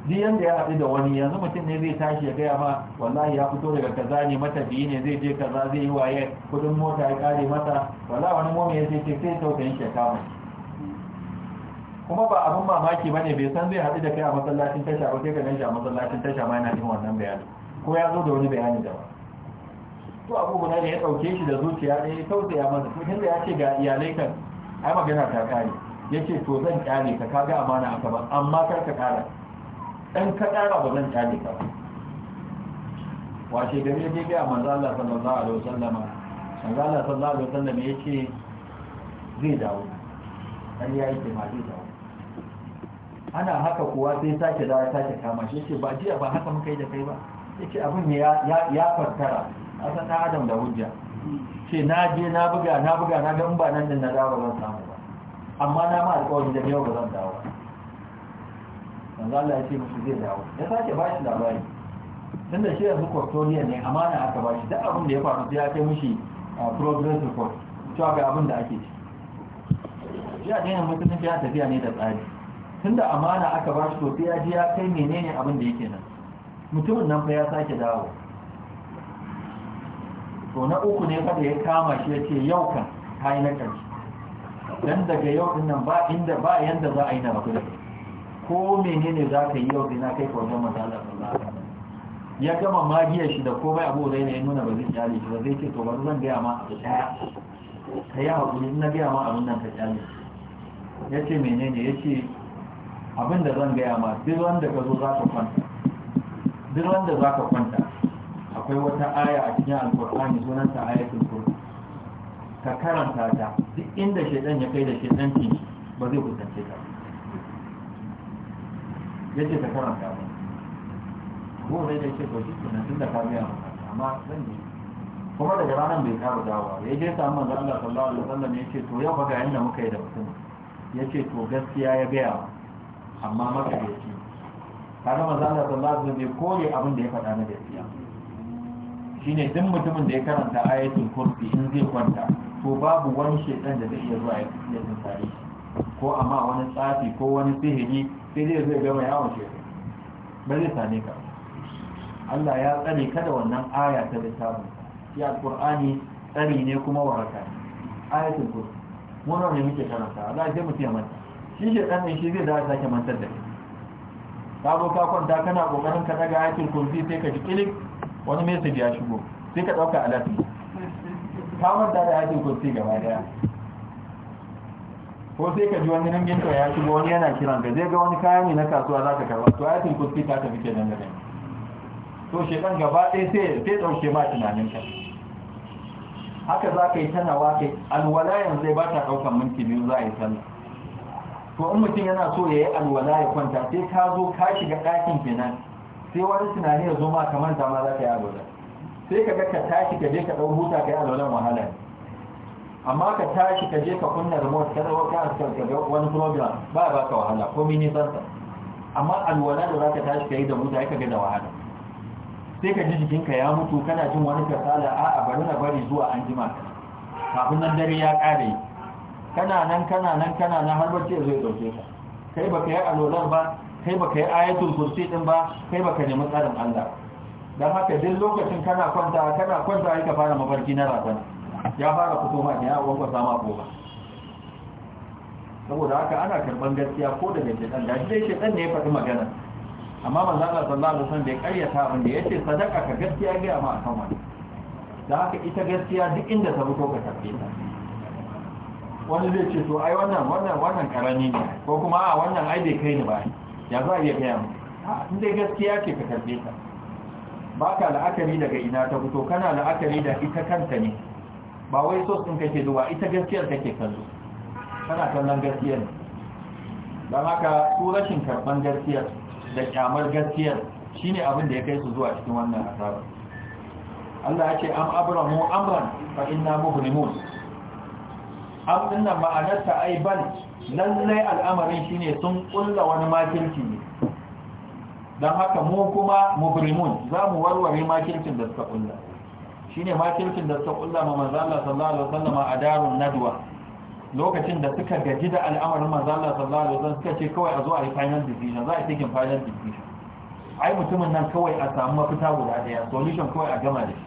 duk yanda ya haɗu da wani yanzu mutum ne zai tashi ya gaya ma wallahi ya fito daga kaza ne matafiyi ne zai je kaza zai yi waye kudin mota ya kare masa wallahi wani momi ya ce sai sai sautayin shekara kuma ba abin mamaki ba ne bai san zai haɗu da kai a masallacin tasha ba sai ka ganshi a masallacin tasha ma yana yin wannan bayanin ko ya zo da wani bayani da ba to abu guda ne ya ɗauke shi da zuciya ɗaya ya tausaya masa to tunda ya ce ga iyalai kan ai magana ta kare ya ce to zan kyale ka ka ga amana a ba amma kar ka kara dan ka kara ba zan kyale ka washe gari ya ga manzo Allah sallallahu alaihi wasallama manzo Allah sallallahu alaihi wasallama ce zai dawo dan ya yi ma zai dawo ana haka kuwa sai sake dawo sake kama shi ce ba jiya ba haka muka yi da kai ba yace abin ya ya fartara a san adam da hujja ce na je na buga na buga na ga ba nan din na dawo zan samu ba amma na ma alƙawari da yau ba zan dawo ba manzo Allah ya ce musu zai dawo ya sake ba shi labari tunda shi yanzu custodian ne amana aka ba shi duk abin da ya faru sai ya kai mishi progress report cewa ga abin da ake ci ya daina mutunci ya tafiya ne da tsari tunda amana aka ba shi to sai ya ji ya kai menene abin da yake nan mutumin nan fa ya sake dawo to na uku ne kada ya kama shi ya ce yau kan ta yi na ƙarshe dan daga yau din nan ba inda ba yadda za a yi na ba da ko menene za ka yi yau dina kai ko zama kwajen matsala ya gama magiyar shi da komai abu zai yi nuna ba zai kyale shi ba zai ce to ba zan gaya ma abu ɗaya. ka yi haƙuri na gaya ma abin nan ka kyale ya ce menene ya ce abin da zan gaya ma duk wanda ka zo za ka kwanta duk wanda za ka kwanta akwai wata aya a cikin alkur'ani sunanta ayatul kursi ka karanta ta duk inda shedan ya kai da shaidanci ba zai kusance ka yace ka karanta ba ko zai da ce to shi kenan tun da kamiya biya amma zan ne kuma daga ranar bai kara dawa ya je samu manzo Allah sallallahu alaihi wasallam ya ce to yau fa ga yanda muka yi da mutum ya ce to gaskiya ya gaya amma maka ya ce. kaga manzo Allah sallallahu alaihi wasallam kore abin da ya faɗa na gaskiya shine duk mutumin da ya karanta ayatul kursi in zai kwanta to babu wani shaitan da zai iya zuwa ya tsare shi ko amma wani tsafi ko wani sihiri sai zai zai gama yawon shedan ba zai same ka Allah ya tsare kada wannan aya ta littafin shi alqur'ani tsari ne kuma waraka ayatul kursi mun ne muke karanta Allah sai mutum ya manta shi shedan ne shi zai da sake mantar da kai ka zo ka kwanta kana kokarin ka daga ayatul kursi sai ka ji kilik wani message ya shigo sai ka ɗauka alert ne ka manta da aikin ko gaba daya ko sai ka ji wani ringin to ya shigo wani yana kiran ka zai ga wani kaya ne na kasuwa za ka karba to ayatul kursi ta tafi ke nan da nan to shekan gaba ɗaya sai sai ɗauke ma tunanin ka haka za ka yi tana wake alwala yanzu ba ta ɗaukar minti biyu za a yi sallah to in mutum yana so ya yi alwala ya kwanta sai ka zo ka shiga ɗakin kenan sai wani tunani ya zo ma kamar ta ma za ka yi alwala sai ka ga ka tashi ka je ka ɗau huta ka yi alwalan wahala ne amma ka tashi ka je ka kunna remote ka dawo ka askar ka ga wani program ba ya baka wahala ko mini santa amma alwala da za ka tashi ka yi da huta ya ka ga da wahala sai ka ji jikinka ya mutu kana jin wani kasala a a bari na bari zuwa an jima kafin nan dare ya ƙare kana nan kana nan kana nan har ce zai dauke ka kai baka yi alwalar ba kai baka yi ayatul kursi din ba kai baka nemi tsarin Allah dan haka duk lokacin kana kwanta kana kwanta ka fara mafarki na razana ya fara fito ma ne ya wanka sama goma saboda haka ana karban gaskiya ko daga shedan da shi shedan ne ya faɗi magana amma manzo Allah sallallahu alaihi wasallam bai karyata abin da yace sadaka ka gaskiya ga ma kan wani da haka ita gaskiya duk inda ta fito ka tafi ta wani zai ce to ai wannan wannan wannan karani ne ko kuma a wannan ai bai kai ni ba ya za a iya gaya mu in dai gaskiya ce ka karbe ta ba ka la'akari daga ina ta fito kana la'akari da ita kanta ne ba wai sos ɗin kake zuwa ita gaskiyar kake kallo kana kallon gaskiyar ne don haka su rashin karɓar gaskiyar da kyamar gaskiyar shine abin da ya kai su zuwa cikin wannan asara Allah ya ce am abramu amran fa inna muhrimun am dinnan ma'anarta ai bal. lallai al'amarin shi ne sun kulla wani makirci ne don haka mu kuma mubrimun za mu warware makircin da suka kulla ne makircin da suka kulla ma manzo Allah sallallahu alaihi wasallam a darun nadwa lokacin da suka gaji da al'amarin manzo Allah sallallahu alaihi wasallam suka ce kawai a zo a yi final decision za a yi final decision ai mutumin nan kawai a samu mafita guda daya solution kawai a gama da shi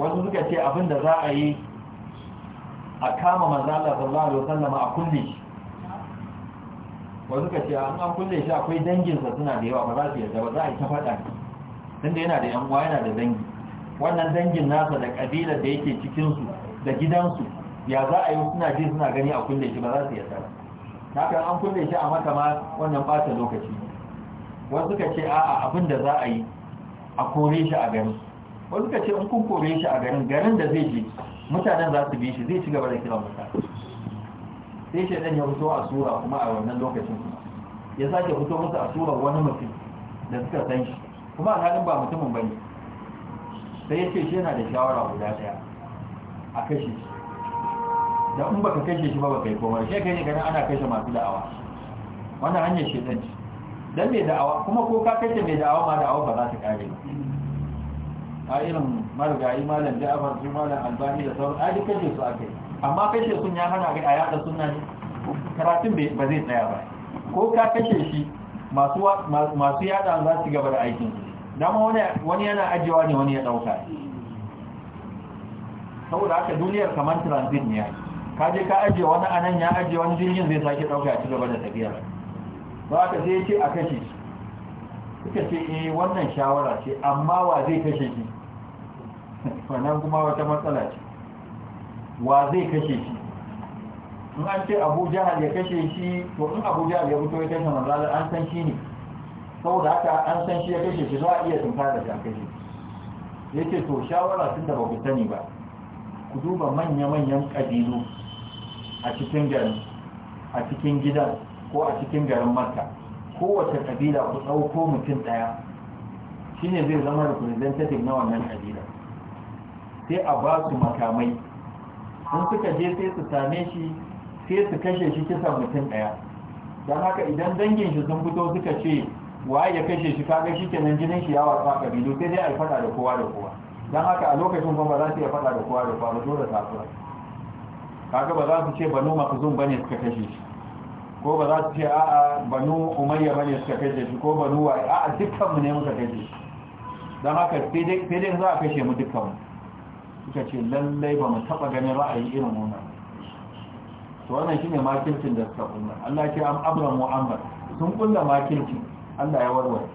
wasu suka ce abinda za a yi a kama manzo Allah sallallahu alaihi wasallam a kulle shi wasu ka ce an an kulle shi akwai danginsa suna da yawa ba za su yarda ba za a yi ta faɗa tunda yana da yan uwa yana da dangi wannan dangin nasa da kabilar da yake cikinsu da gidansu ya za a yi suna ji suna gani a kulle shi ba za su yarda ba haka an kulle shi a maka ma wannan ɓata lokaci wasu ka ce a'a abin da za a yi a kore shi a garin wasu ka ce in kun kore shi a garin garin da zai je mutanen za su bi shi zai ci gaba da kiran mutane sai shaidan ya fito a sura kuma a wannan lokacin ya sake fito musu a surar wani mutum da suka san shi kuma a halin ba mutumin ba ne sai ya ce shi yana da shawara guda daya a kashe shi da in baka kashe shi ba baka yi komai shi kai ne ganin ana kashe masu da'awa wannan hanyar shaidan ci dan mai da'awa kuma ko ka kashe mai da'awa ma da'awa ba za ta kare ba a irin marigayi malam ja'afar su malam albani da sauran a duk kashe su aka yi amma kashe sun ya hana a yada suna ne karatun ba zai tsaya ba ko ka kashe shi masu yada za su gaba da aikin dama wani yana ajiyewa ne wani ya dauka saboda haka duniyar kamar transit ne ka je ka ajiye wani anan ya ajiye wani jirgin zai sake dauka ya ci gaba da tafiya ba ka sai ce a kashe shi suka ce eh wannan shawara ce amma wa zai kashe shi wannan kuma wata matsala ce wa zai kashe shi in an ce abu jahal ya kashe shi to in abu jahal ya fito ya kashe manzalar an san shi ne saboda haka an san shi ya kashe shi za a iya tunka da shi a kashe ya ce to shawara sun da ku sani ba ku duba manya-manyan ƙabilu a cikin garin a cikin gidan ko a cikin garin marka kowace ƙabila ku ɗauko mutum ɗaya ne zai zama representative na wannan ƙabila sai a ba su makamai sun suka je sai su same shi sai su kashe shi kisa mutum ɗaya don haka idan dangin shi sun fito suka ce "Wa ya kashe shi kaga shi kenan jinin shi ya watsa kabilu sai dai a faɗa da kowa da kowa don haka a lokacin kuma ba za su iya faɗa da kowa da kowa ba da safura kaga ba za su ce banu makzum bane suka kashe shi ko ba za su ce a'a banu umayya bane suka kashe shi ko banu wa a'a dukkanmu ne muka kashe shi don haka sai dai za a kashe mu dukkanmu suka ce lallai ba mu taɓa ganin ra'ayi irin wannan to wannan shine makincin da suka kunna Allah ya am abran Muhammad sun kunna makincin Allah ya warware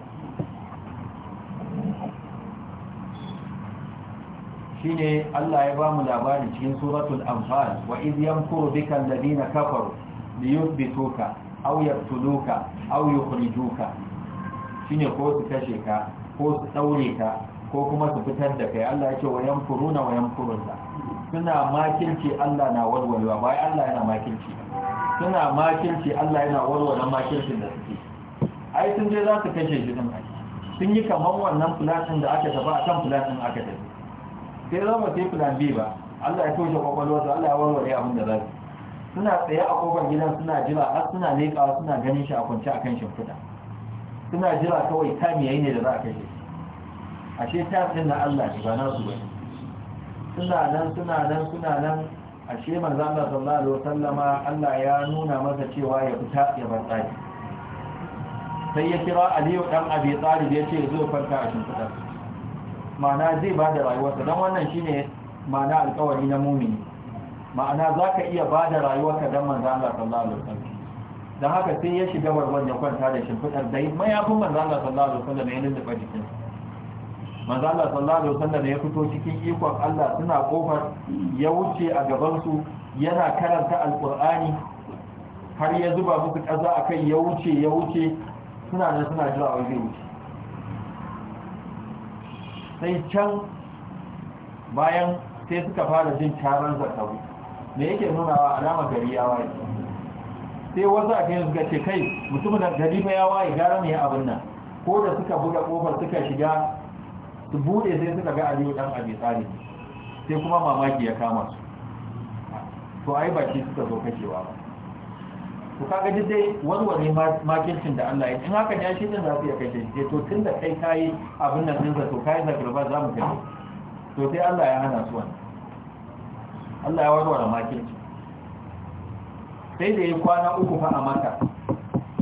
shine Allah ya ba mu labari cikin suratul anfal wa id yamkuru bika alladhina kafaru liyuthbituka aw yaqtuluka aw yukhrijuka shine ko su kashe ka ko su daure ka ko kuma su fitar da kai Allah ya ce wa na wa yanfurunna suna makinci Allah na walwalewa bai Allah yana makinci suna makinci Allah yana walwala makircin da suke ai sun je za su kashe shi din ai sun yi kamar wannan fulatin da aka tafi akan fulatin aka tafi sai za mu tafi plan B ba Allah ya toshe kwakwalwar su Allah ya walwala abin da za su suna tsaye a kofar gidan suna jira har suna leƙawa suna ganin shi a kwance akan shimfiɗa suna jira kawai kamiyayi ne da za a kashe shi ashe ta fi na Allah ne ba na su bane suna nan suna nan suna nan ashe manzo Allah sallallahu alaihi wasallama Allah ya nuna masa cewa ya fita ya bar tsari sai ya kira Aliyu dan Abi Talib ya ce zo farka a fitar ma'ana zai ba da rayuwarsa don wannan shine ma'ana alƙawari na mumini ma'ana za ka iya ba da rayuwarka don manzo Allah sallallahu alaihi wasallam don haka sai ya shiga barwan ya kwanta da shimfiɗar da mayafin manzo Allah sallallahu alaihi wasallam ya nuna jikinsa manzo Allah sallallahu alaihi wasallam ya fito cikin ikon Allah suna kofar ya wuce a gaban su yana karanta alqur'ani har ya zuba musu kaza akai ya wuce ya wuce suna nan suna jira wai zai wuce sai can bayan sai suka fara jin taron zakaru me yake nunawa alama gari ya waye sai wasu a kai suka ce kai mutumin da gari fa ya waye gara ne abin nan ko da suka buga kofar suka shiga su bude sai suka ga aliyu dan abi talib sai kuma mamaki ya kama su to ai baki suka zo kashewa ba to kaga duk dai warware makircin da Allah ya in haka ya shi din za su ta kashe shi to tun da kai kayi abin nan din to kai zakirba za mu kai to sai Allah ya hana su wannan Allah ya warware makirci sai da ya kwana uku fa a maka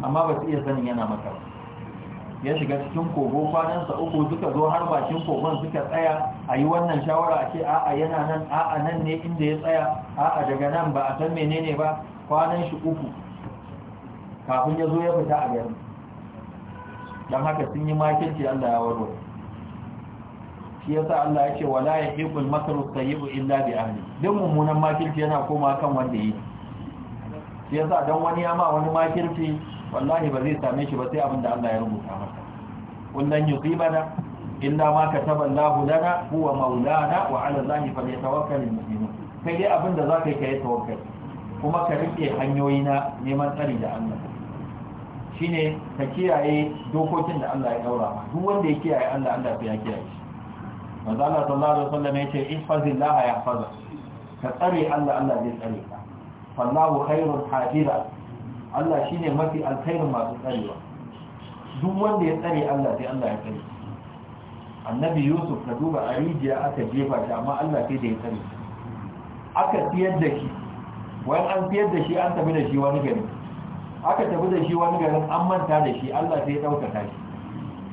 amma ba su iya sanin yana maka ba ya shiga cikin kogo kwanansa uku suka zo har bakin kogon suka tsaya a yi wannan shawara a ce a'a yana nan a'a nan ne inda ya tsaya a'a daga nan ba a san menene ba kwanan shi uku kafin ya zo ya fita a gari don haka sun yi makinci allah ya waro shi yasa allah ya ce wala ya hibul masaru sayyibu illa bi ahli duk mummunan makinci yana koma kan wanda yi shi yasa don wani ya ma wani makirci wallahi ba zai same shi ba sai abin da Allah ya rubuta masa kullun yusibana illa ma kataba Allahu lana huwa maulana wa 'ala Allahi falyatawakkalul mu'minun kai dai abin da zaka yi kai tawakkali kuma ka rike hanyoyi na neman tsari da Allah shine ka kiyaye dokokin da Allah ya daura ma duk wanda ya kiyaye Allah Allah ya kiyaye shi manzo Allah sallallahu alaihi wasallam yace ihfazillaha yahfazka ka tsare Allah Allah zai tsare ka fallahu khairul hafira Allah shi ne mafi alkhairin masu tsarewa duk wanda ya tsare Allah sai Allah ya tsare annabi Yusuf ka duba a rijiya aka jefa shi amma Allah sai da ya tsare aka siyar da shi wani an siyar da shi an tafi da shi wani gari aka tafi da shi wani garin an manta da shi Allah sai ya ɗaukaka shi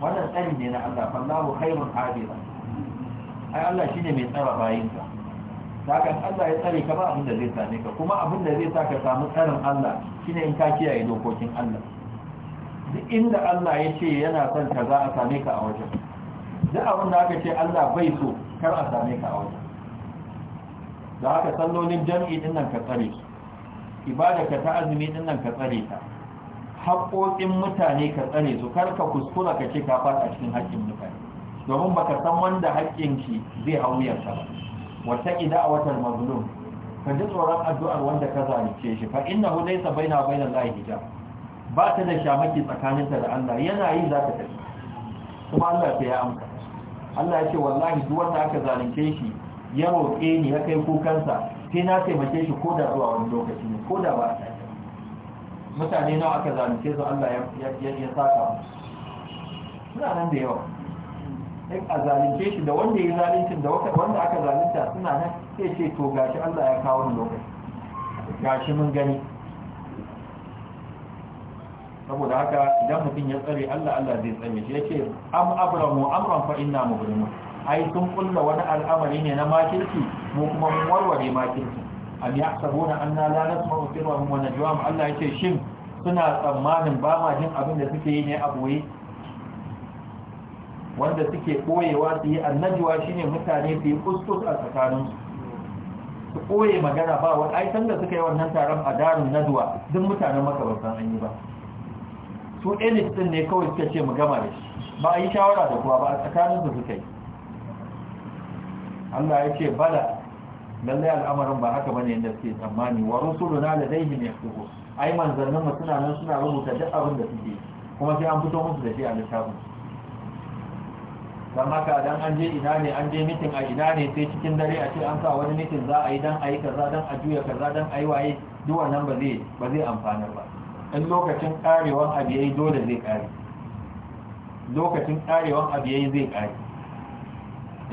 wannan tsari ne na Allah fallahu khairun hadira ai Allah shine mai tsara bayinka. kaga Allah ya tsare ka ba abin da zai same ka kuma abin da zai sa ka samu tsarin Allah shine in ka kiyaye dokokin Allah duk inda Allah ya ce yana son ka za a same ka a wajen duk abin da aka ce Allah bai so kar a same ka a wajen da haka sallolin jam'i din nan ka tsare su ibada ka ta azumi din nan ka tsare ta haƙoƙin mutane ka tsare su kar ka kuskura ka ce ka fada cikin haƙƙin mutane domin baka san wanda haƙƙin shi zai hau wuyarsa ba a da'awatar mazlum ka ji tsoron addu'ar wanda ka zalunce shi fa innahu laysa baina wa baina Allah hijab ba ta da shamaki tsakaninta da Allah yana yi za ta tafi kuma Allah sai ya amsa Allah ya ce wallahi duk wanda aka zalunce shi ya roƙe ni ya kai kukansa sai na taimake shi ko da zuwa wani lokaci ne ko da ba a tafi mutane nawa aka zalunce su Allah ya saka musu suna nan da yawa a zalunce shi da wanda ya zalunci da wanda aka zalunta suna nan sai ce to gashi Allah ya kawo ni lokaci gashi mun gani saboda haka idan mutum ya tsare Allah Allah zai tsare shi yace am abramu amran fa inna mubrimun ai sun kulla wani al'amari ne na makirci mu kuma mun warware makirci am yahsabuna anna la nasma'u sirrahum wa najwahum Allah yace shin suna tsammanin ba ma jin abin da suke yi ne a boye wanda suke koyewa su yi annajuwa shine mutane su yi kuskus a tsakaninsu su koye magana ba wa ai da suka yi wannan taron a darin naduwa duk mutanen maka ba san yi ba su elis din ne kawai suka ce mu gama da shi ba a yi shawara da kuwa ba a tsakaninsu suka yi Allah ya ce bala lallai al'amarin ba haka bane yadda suke tsammani wa rusuluna ladaihim yaktubu ai manzannin mu suna nan suna rubuta duk abin da suke kuma sai an fito musu da shi a littafin don haka dan an je ina ne an je mitin a ina ne sai cikin dare a ce an sa wani mitin za a yi dan a yi kaza dan a juya kaza dan a yi waye duk wannan ba zai ba zai amfanar ba in lokacin karewan abu yayi dole zai kare lokacin karewan abu yayi zai kare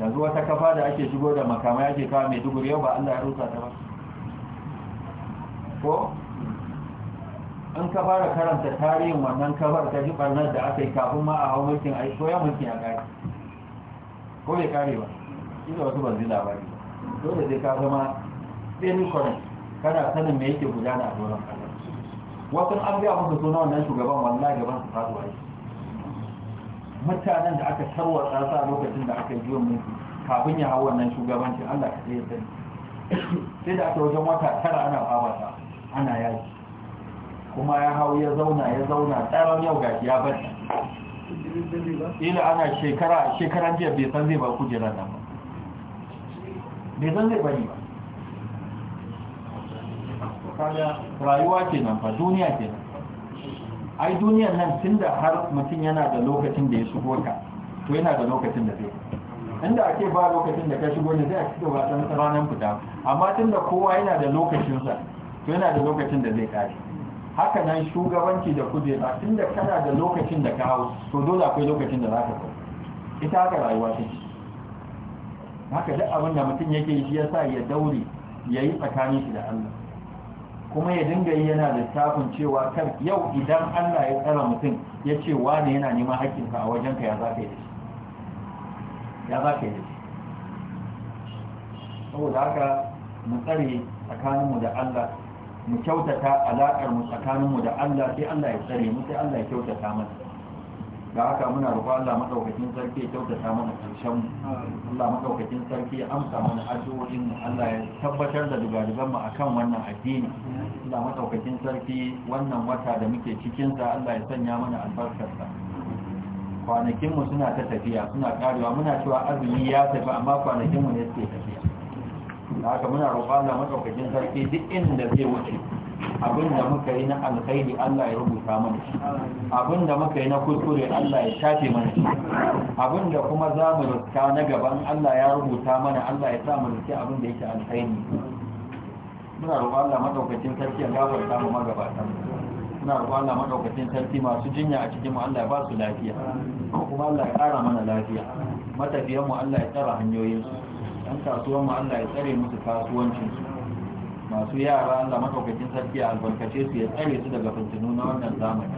yanzu wata kafa da ake shigo da makamai ake kawo mai duguri yau ba Allah ya rusa ta ba ko in ka fara karanta tarihin wannan kabar ta ji barnar da aka yi kafin ma a hau mulkin a yi mulkin a kare ko bai kare ba inda wasu ban ji labari dole sai ka zama ɗin kwanan kana sanin mai yake gudana a doron kasa wasu an biya musu suna wannan shugaban wanda gaban su faduwa yi mutanen da aka tarwatsa sa lokacin da aka yi juyin mulki kafin ya hau wannan shugabanci allah ka sai ya sani sai da aka wajen wata tara ana fafata ana yaki kuma ya hau ya zauna ya zauna tsaron yau gashi ya bata ila ana shekara shekaran jiya bai san zai ba ku kujerar nan ba bai san zai bari ba kaga rayuwa ke nan fa duniya ke nan ai duniyan nan tun da har mutum yana da lokacin da ya shigo ka to yana da lokacin da zai inda ake ba lokacin da ka shigo ne zai a cikin wasan ranar fita amma tun da kowa yana da lokacinsa to yana da lokacin da zai kashi haka nan shugabanci da kujera tun da kana da lokacin da ka hau to dole akwai lokacin da za ka kai ita haka rayuwa ta ce haka duk abin da mutum yake shi ya sa ya daure ya yi tsakanin shi da Allah kuma ya dinga yi yana littafin cewa kar yau idan Allah ya tsara mutum ya ce Wani yana neman haƙƙinka a wajenka ya za ya za ka yi da shi saboda haka mu tsare tsakaninmu da Allah mu kyautata alaƙar mu tsakaninmu da Allah sai Allah ya tsare mu sai Allah ya kyautata mana Ga haka muna roƙon Allah madaukakin sarki ya kyautata mana karshen mu Allah madaukakin sarki ya amsa mana addu'o'in mu Allah ya tabbatar da dugadugan mu akan wannan addini Allah madaukakin sarki wannan wata da muke cikin sa Allah ya sanya mana albarkar sa kwanakin mu suna ta tafiya suna karewa muna cewa azumi ya tafi amma kwanakin mu ne suke tafiya da haka muna roƙa Allah madaukakin sarki duk inda zai wuce abinda muka yi na alkhairi Allah ya rubuta mana shi abinda muka yi na kuskure Allah ya shafe mana shi abinda kuma za mu riska na gaban Allah ya rubuta mana Allah ya sa mu riske abinda yake alkhairi muna roƙa Allah madaukakin sarki ya gafarta mu magabatan muna roƙa Allah madaukakin sarki masu jinya a cikin mu Allah ya ba su lafiya kuma Allah ya ƙara mana lafiya matafiyan mu Allah ya tsara hanyoyin su ɗan kasuwan mu Allah ya tsare musu kasuwancinsu masu yara Allah makaukakin sarki a albarkace su ya tsare su daga fitinu na wannan zamani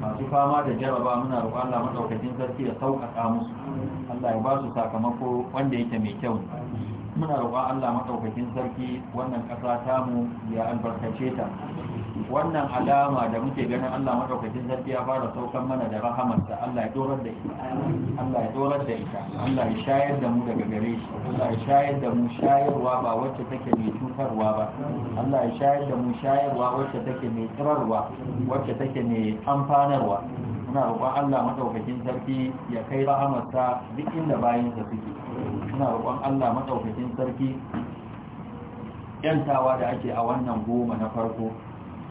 masu fama da jaraba muna roƙon Allah makaukakin sarki ya sauƙaƙa musu Allah ya ba su sakamako wanda yake mai kyau muna roƙon Allah makaukakin sarki wannan ƙasa tamu ya albarkace ta wannan alama da muke ganin Allah madaukakin sarki ya fara saukan mana da rahamarsa Allah ya dorar da ita Allah ya dorar da ita Allah ya shayar da mu daga gare shi Allah ya shayar da mu shayarwa ba wacce take mai cutarwa ba Allah ya shayar da mu shayarwa wacce take mai tsirarwa wacce take mai amfanarwa muna roƙon Allah madaukakin sarki ya kai rahamarsa duk inda bayinsa suke muna roƙon Allah madaukakin sarki yantawa da ake a wannan goma na farko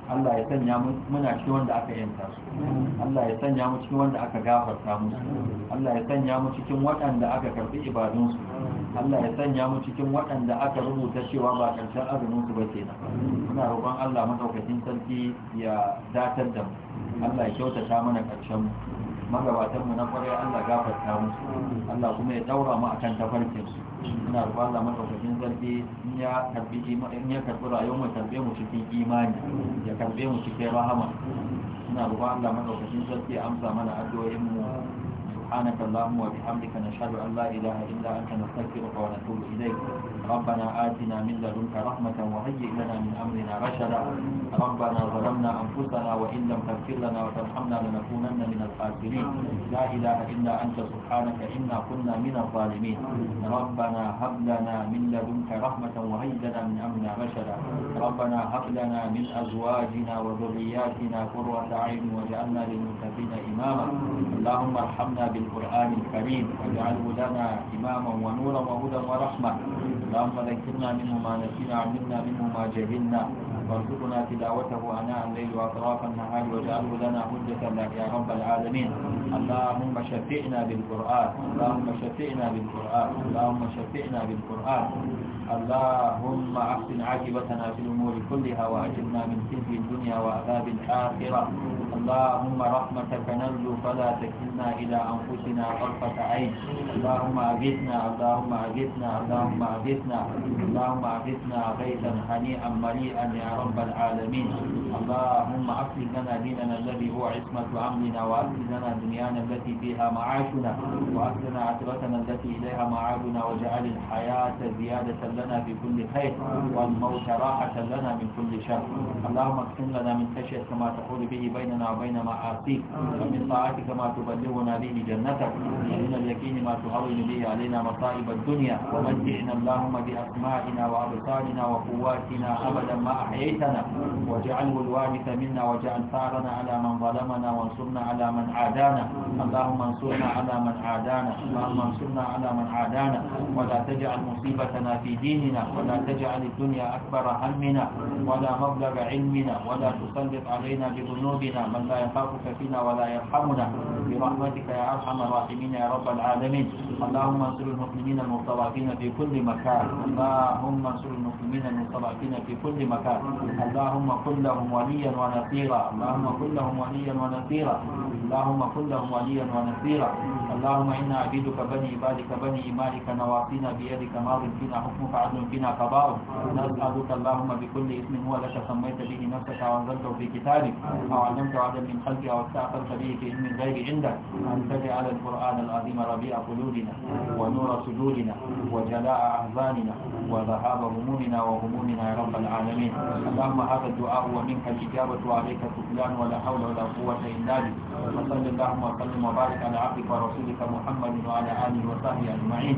Allah ya sanya muna cikin wanda aka yanta su Allah ya sanya mu cikin wanda aka gafarta mu. Allah ya sanya mu cikin waɗanda aka karɓi ibadunsu Allah ya sanya mu cikin waɗanda aka rubuta cewa ba ƙarshen azumin su ba na muna roƙon Allah madaukakin sarki ya datar da mu Allah ya kyautata mana ƙarshen mu magabatanmu na kwarai Allah gafarta musu Allah kuma ya daura mu akan tafarkin su ina ruwa Allah madaukakin zarfi in ya karbi in ya karbi rayuwar mu karbe mu cikin imani ya karbe mu cikin rahama ina roƙon Allah madaukakin zarfi amsa mana addu'o'in mu سبحانك اللهم وبحمدك نشهد أن لا إله إلا أنت نستغفرك ونتوب إليك ربنا آتنا من لدنك رحمة وهيئ لنا من أمرنا رشدا ربنا ظلمنا أنفسنا وإن لم تغفر لنا وترحمنا لنكونن من الخاسرين لا إله إلا أنت سبحانك إنا كنا من الظالمين ربنا هب لنا من لدنك رحمة وهيئ لنا من أمرنا رشدا ربنا هب لنا من أزواجنا وذرياتنا قرة أعين واجعلنا للمتقين إماما اللهم ارحمنا بالقرآن الكريم واجعله لنا إماما ونورا وهدى ورحمة اللهم ذكرنا منه ما نسينا علمنا منه ما جهلنا وارزقنا تلاوته أناء الليل وأطراف النهار واجعله لنا حجة لك يا رب العالمين اللهم شفعنا بالقرآن اللهم شفعنا بالقرآن اللهم شفعنا بالقرآن اللهم أحسن عاقبتنا في الأمور كلها وأجرنا من خزي الدنيا وعذاب الآخرة اللهم رحمتك نرجو فلا تكلنا إلى أنفسنا طرفة عين اللهم أغثنا اللهم أغثنا اللهم أغثنا اللهم أغثنا غيثا هنيئا مليئا يا رب العالمين اللهم أصلح لنا ديننا الذي هو عصمة أمرنا وأصلح لنا دنيانا التي فيها معاشنا وأصلح لنا عتبتنا التي إليها معادنا واجعل الحياة زيادة لنا في كل خير والموت راحة لنا من كل شر اللهم اقسم لنا من خشية ما تقول به بيننا وبين معاصيك ومن طاعتك ما تبلغنا به جنتك ومن اليقين ما تهون به علينا مصائب الدنيا ومتعنا اللهم بأسمائنا وأبصارنا وقواتنا أبدا ما أحييتنا واجعله الوارث منا واجعل ثارنا على من ظلمنا وانصرنا على من عادانا اللهم انصرنا على من عادانا اللهم انصرنا على من عادانا ولا تجعل مصيبتنا في دين ديننا ولا تجعل الدنيا أكبر همنا ولا مبلغ علمنا ولا تسلط علينا بذنوبنا من لا يخافك فينا ولا يرحمنا برحمتك يا أرحم الراحمين يا رب العالمين اللهم انصر المسلمين المستضعفين في كل مكان اللهم انصر المسلمين المستضعفين في كل مكان اللهم كن لهم وليا ونصيرا اللهم كن لهم وليا ونصيرا اللهم كن لهم وليا ونصيرا اللهم إنا عبيدك بني عبادك بني مالك نواصينا بيدك ماض فينا حكمك وفعل فينا كبار نسألك اللهم بكل اسم هو لك سميت به نفسك وانزلته في كتابك أو علمت عدد من خلقك أو استأثرت به في علم الغيب عندك أن تجعل القرآن العظيم ربيع قلوبنا ونور سجودنا وجلاء أحزاننا وذهاب همومنا وهمومنا يا رب العالمين اللهم هذا الدعاء ومنك الإجابة وعليك السفلان ولا حول ولا قوة إلا بك وصل اللهم وسلم وبارك على عبدك ورسولك محمد وعلى آله وصحبه أجمعين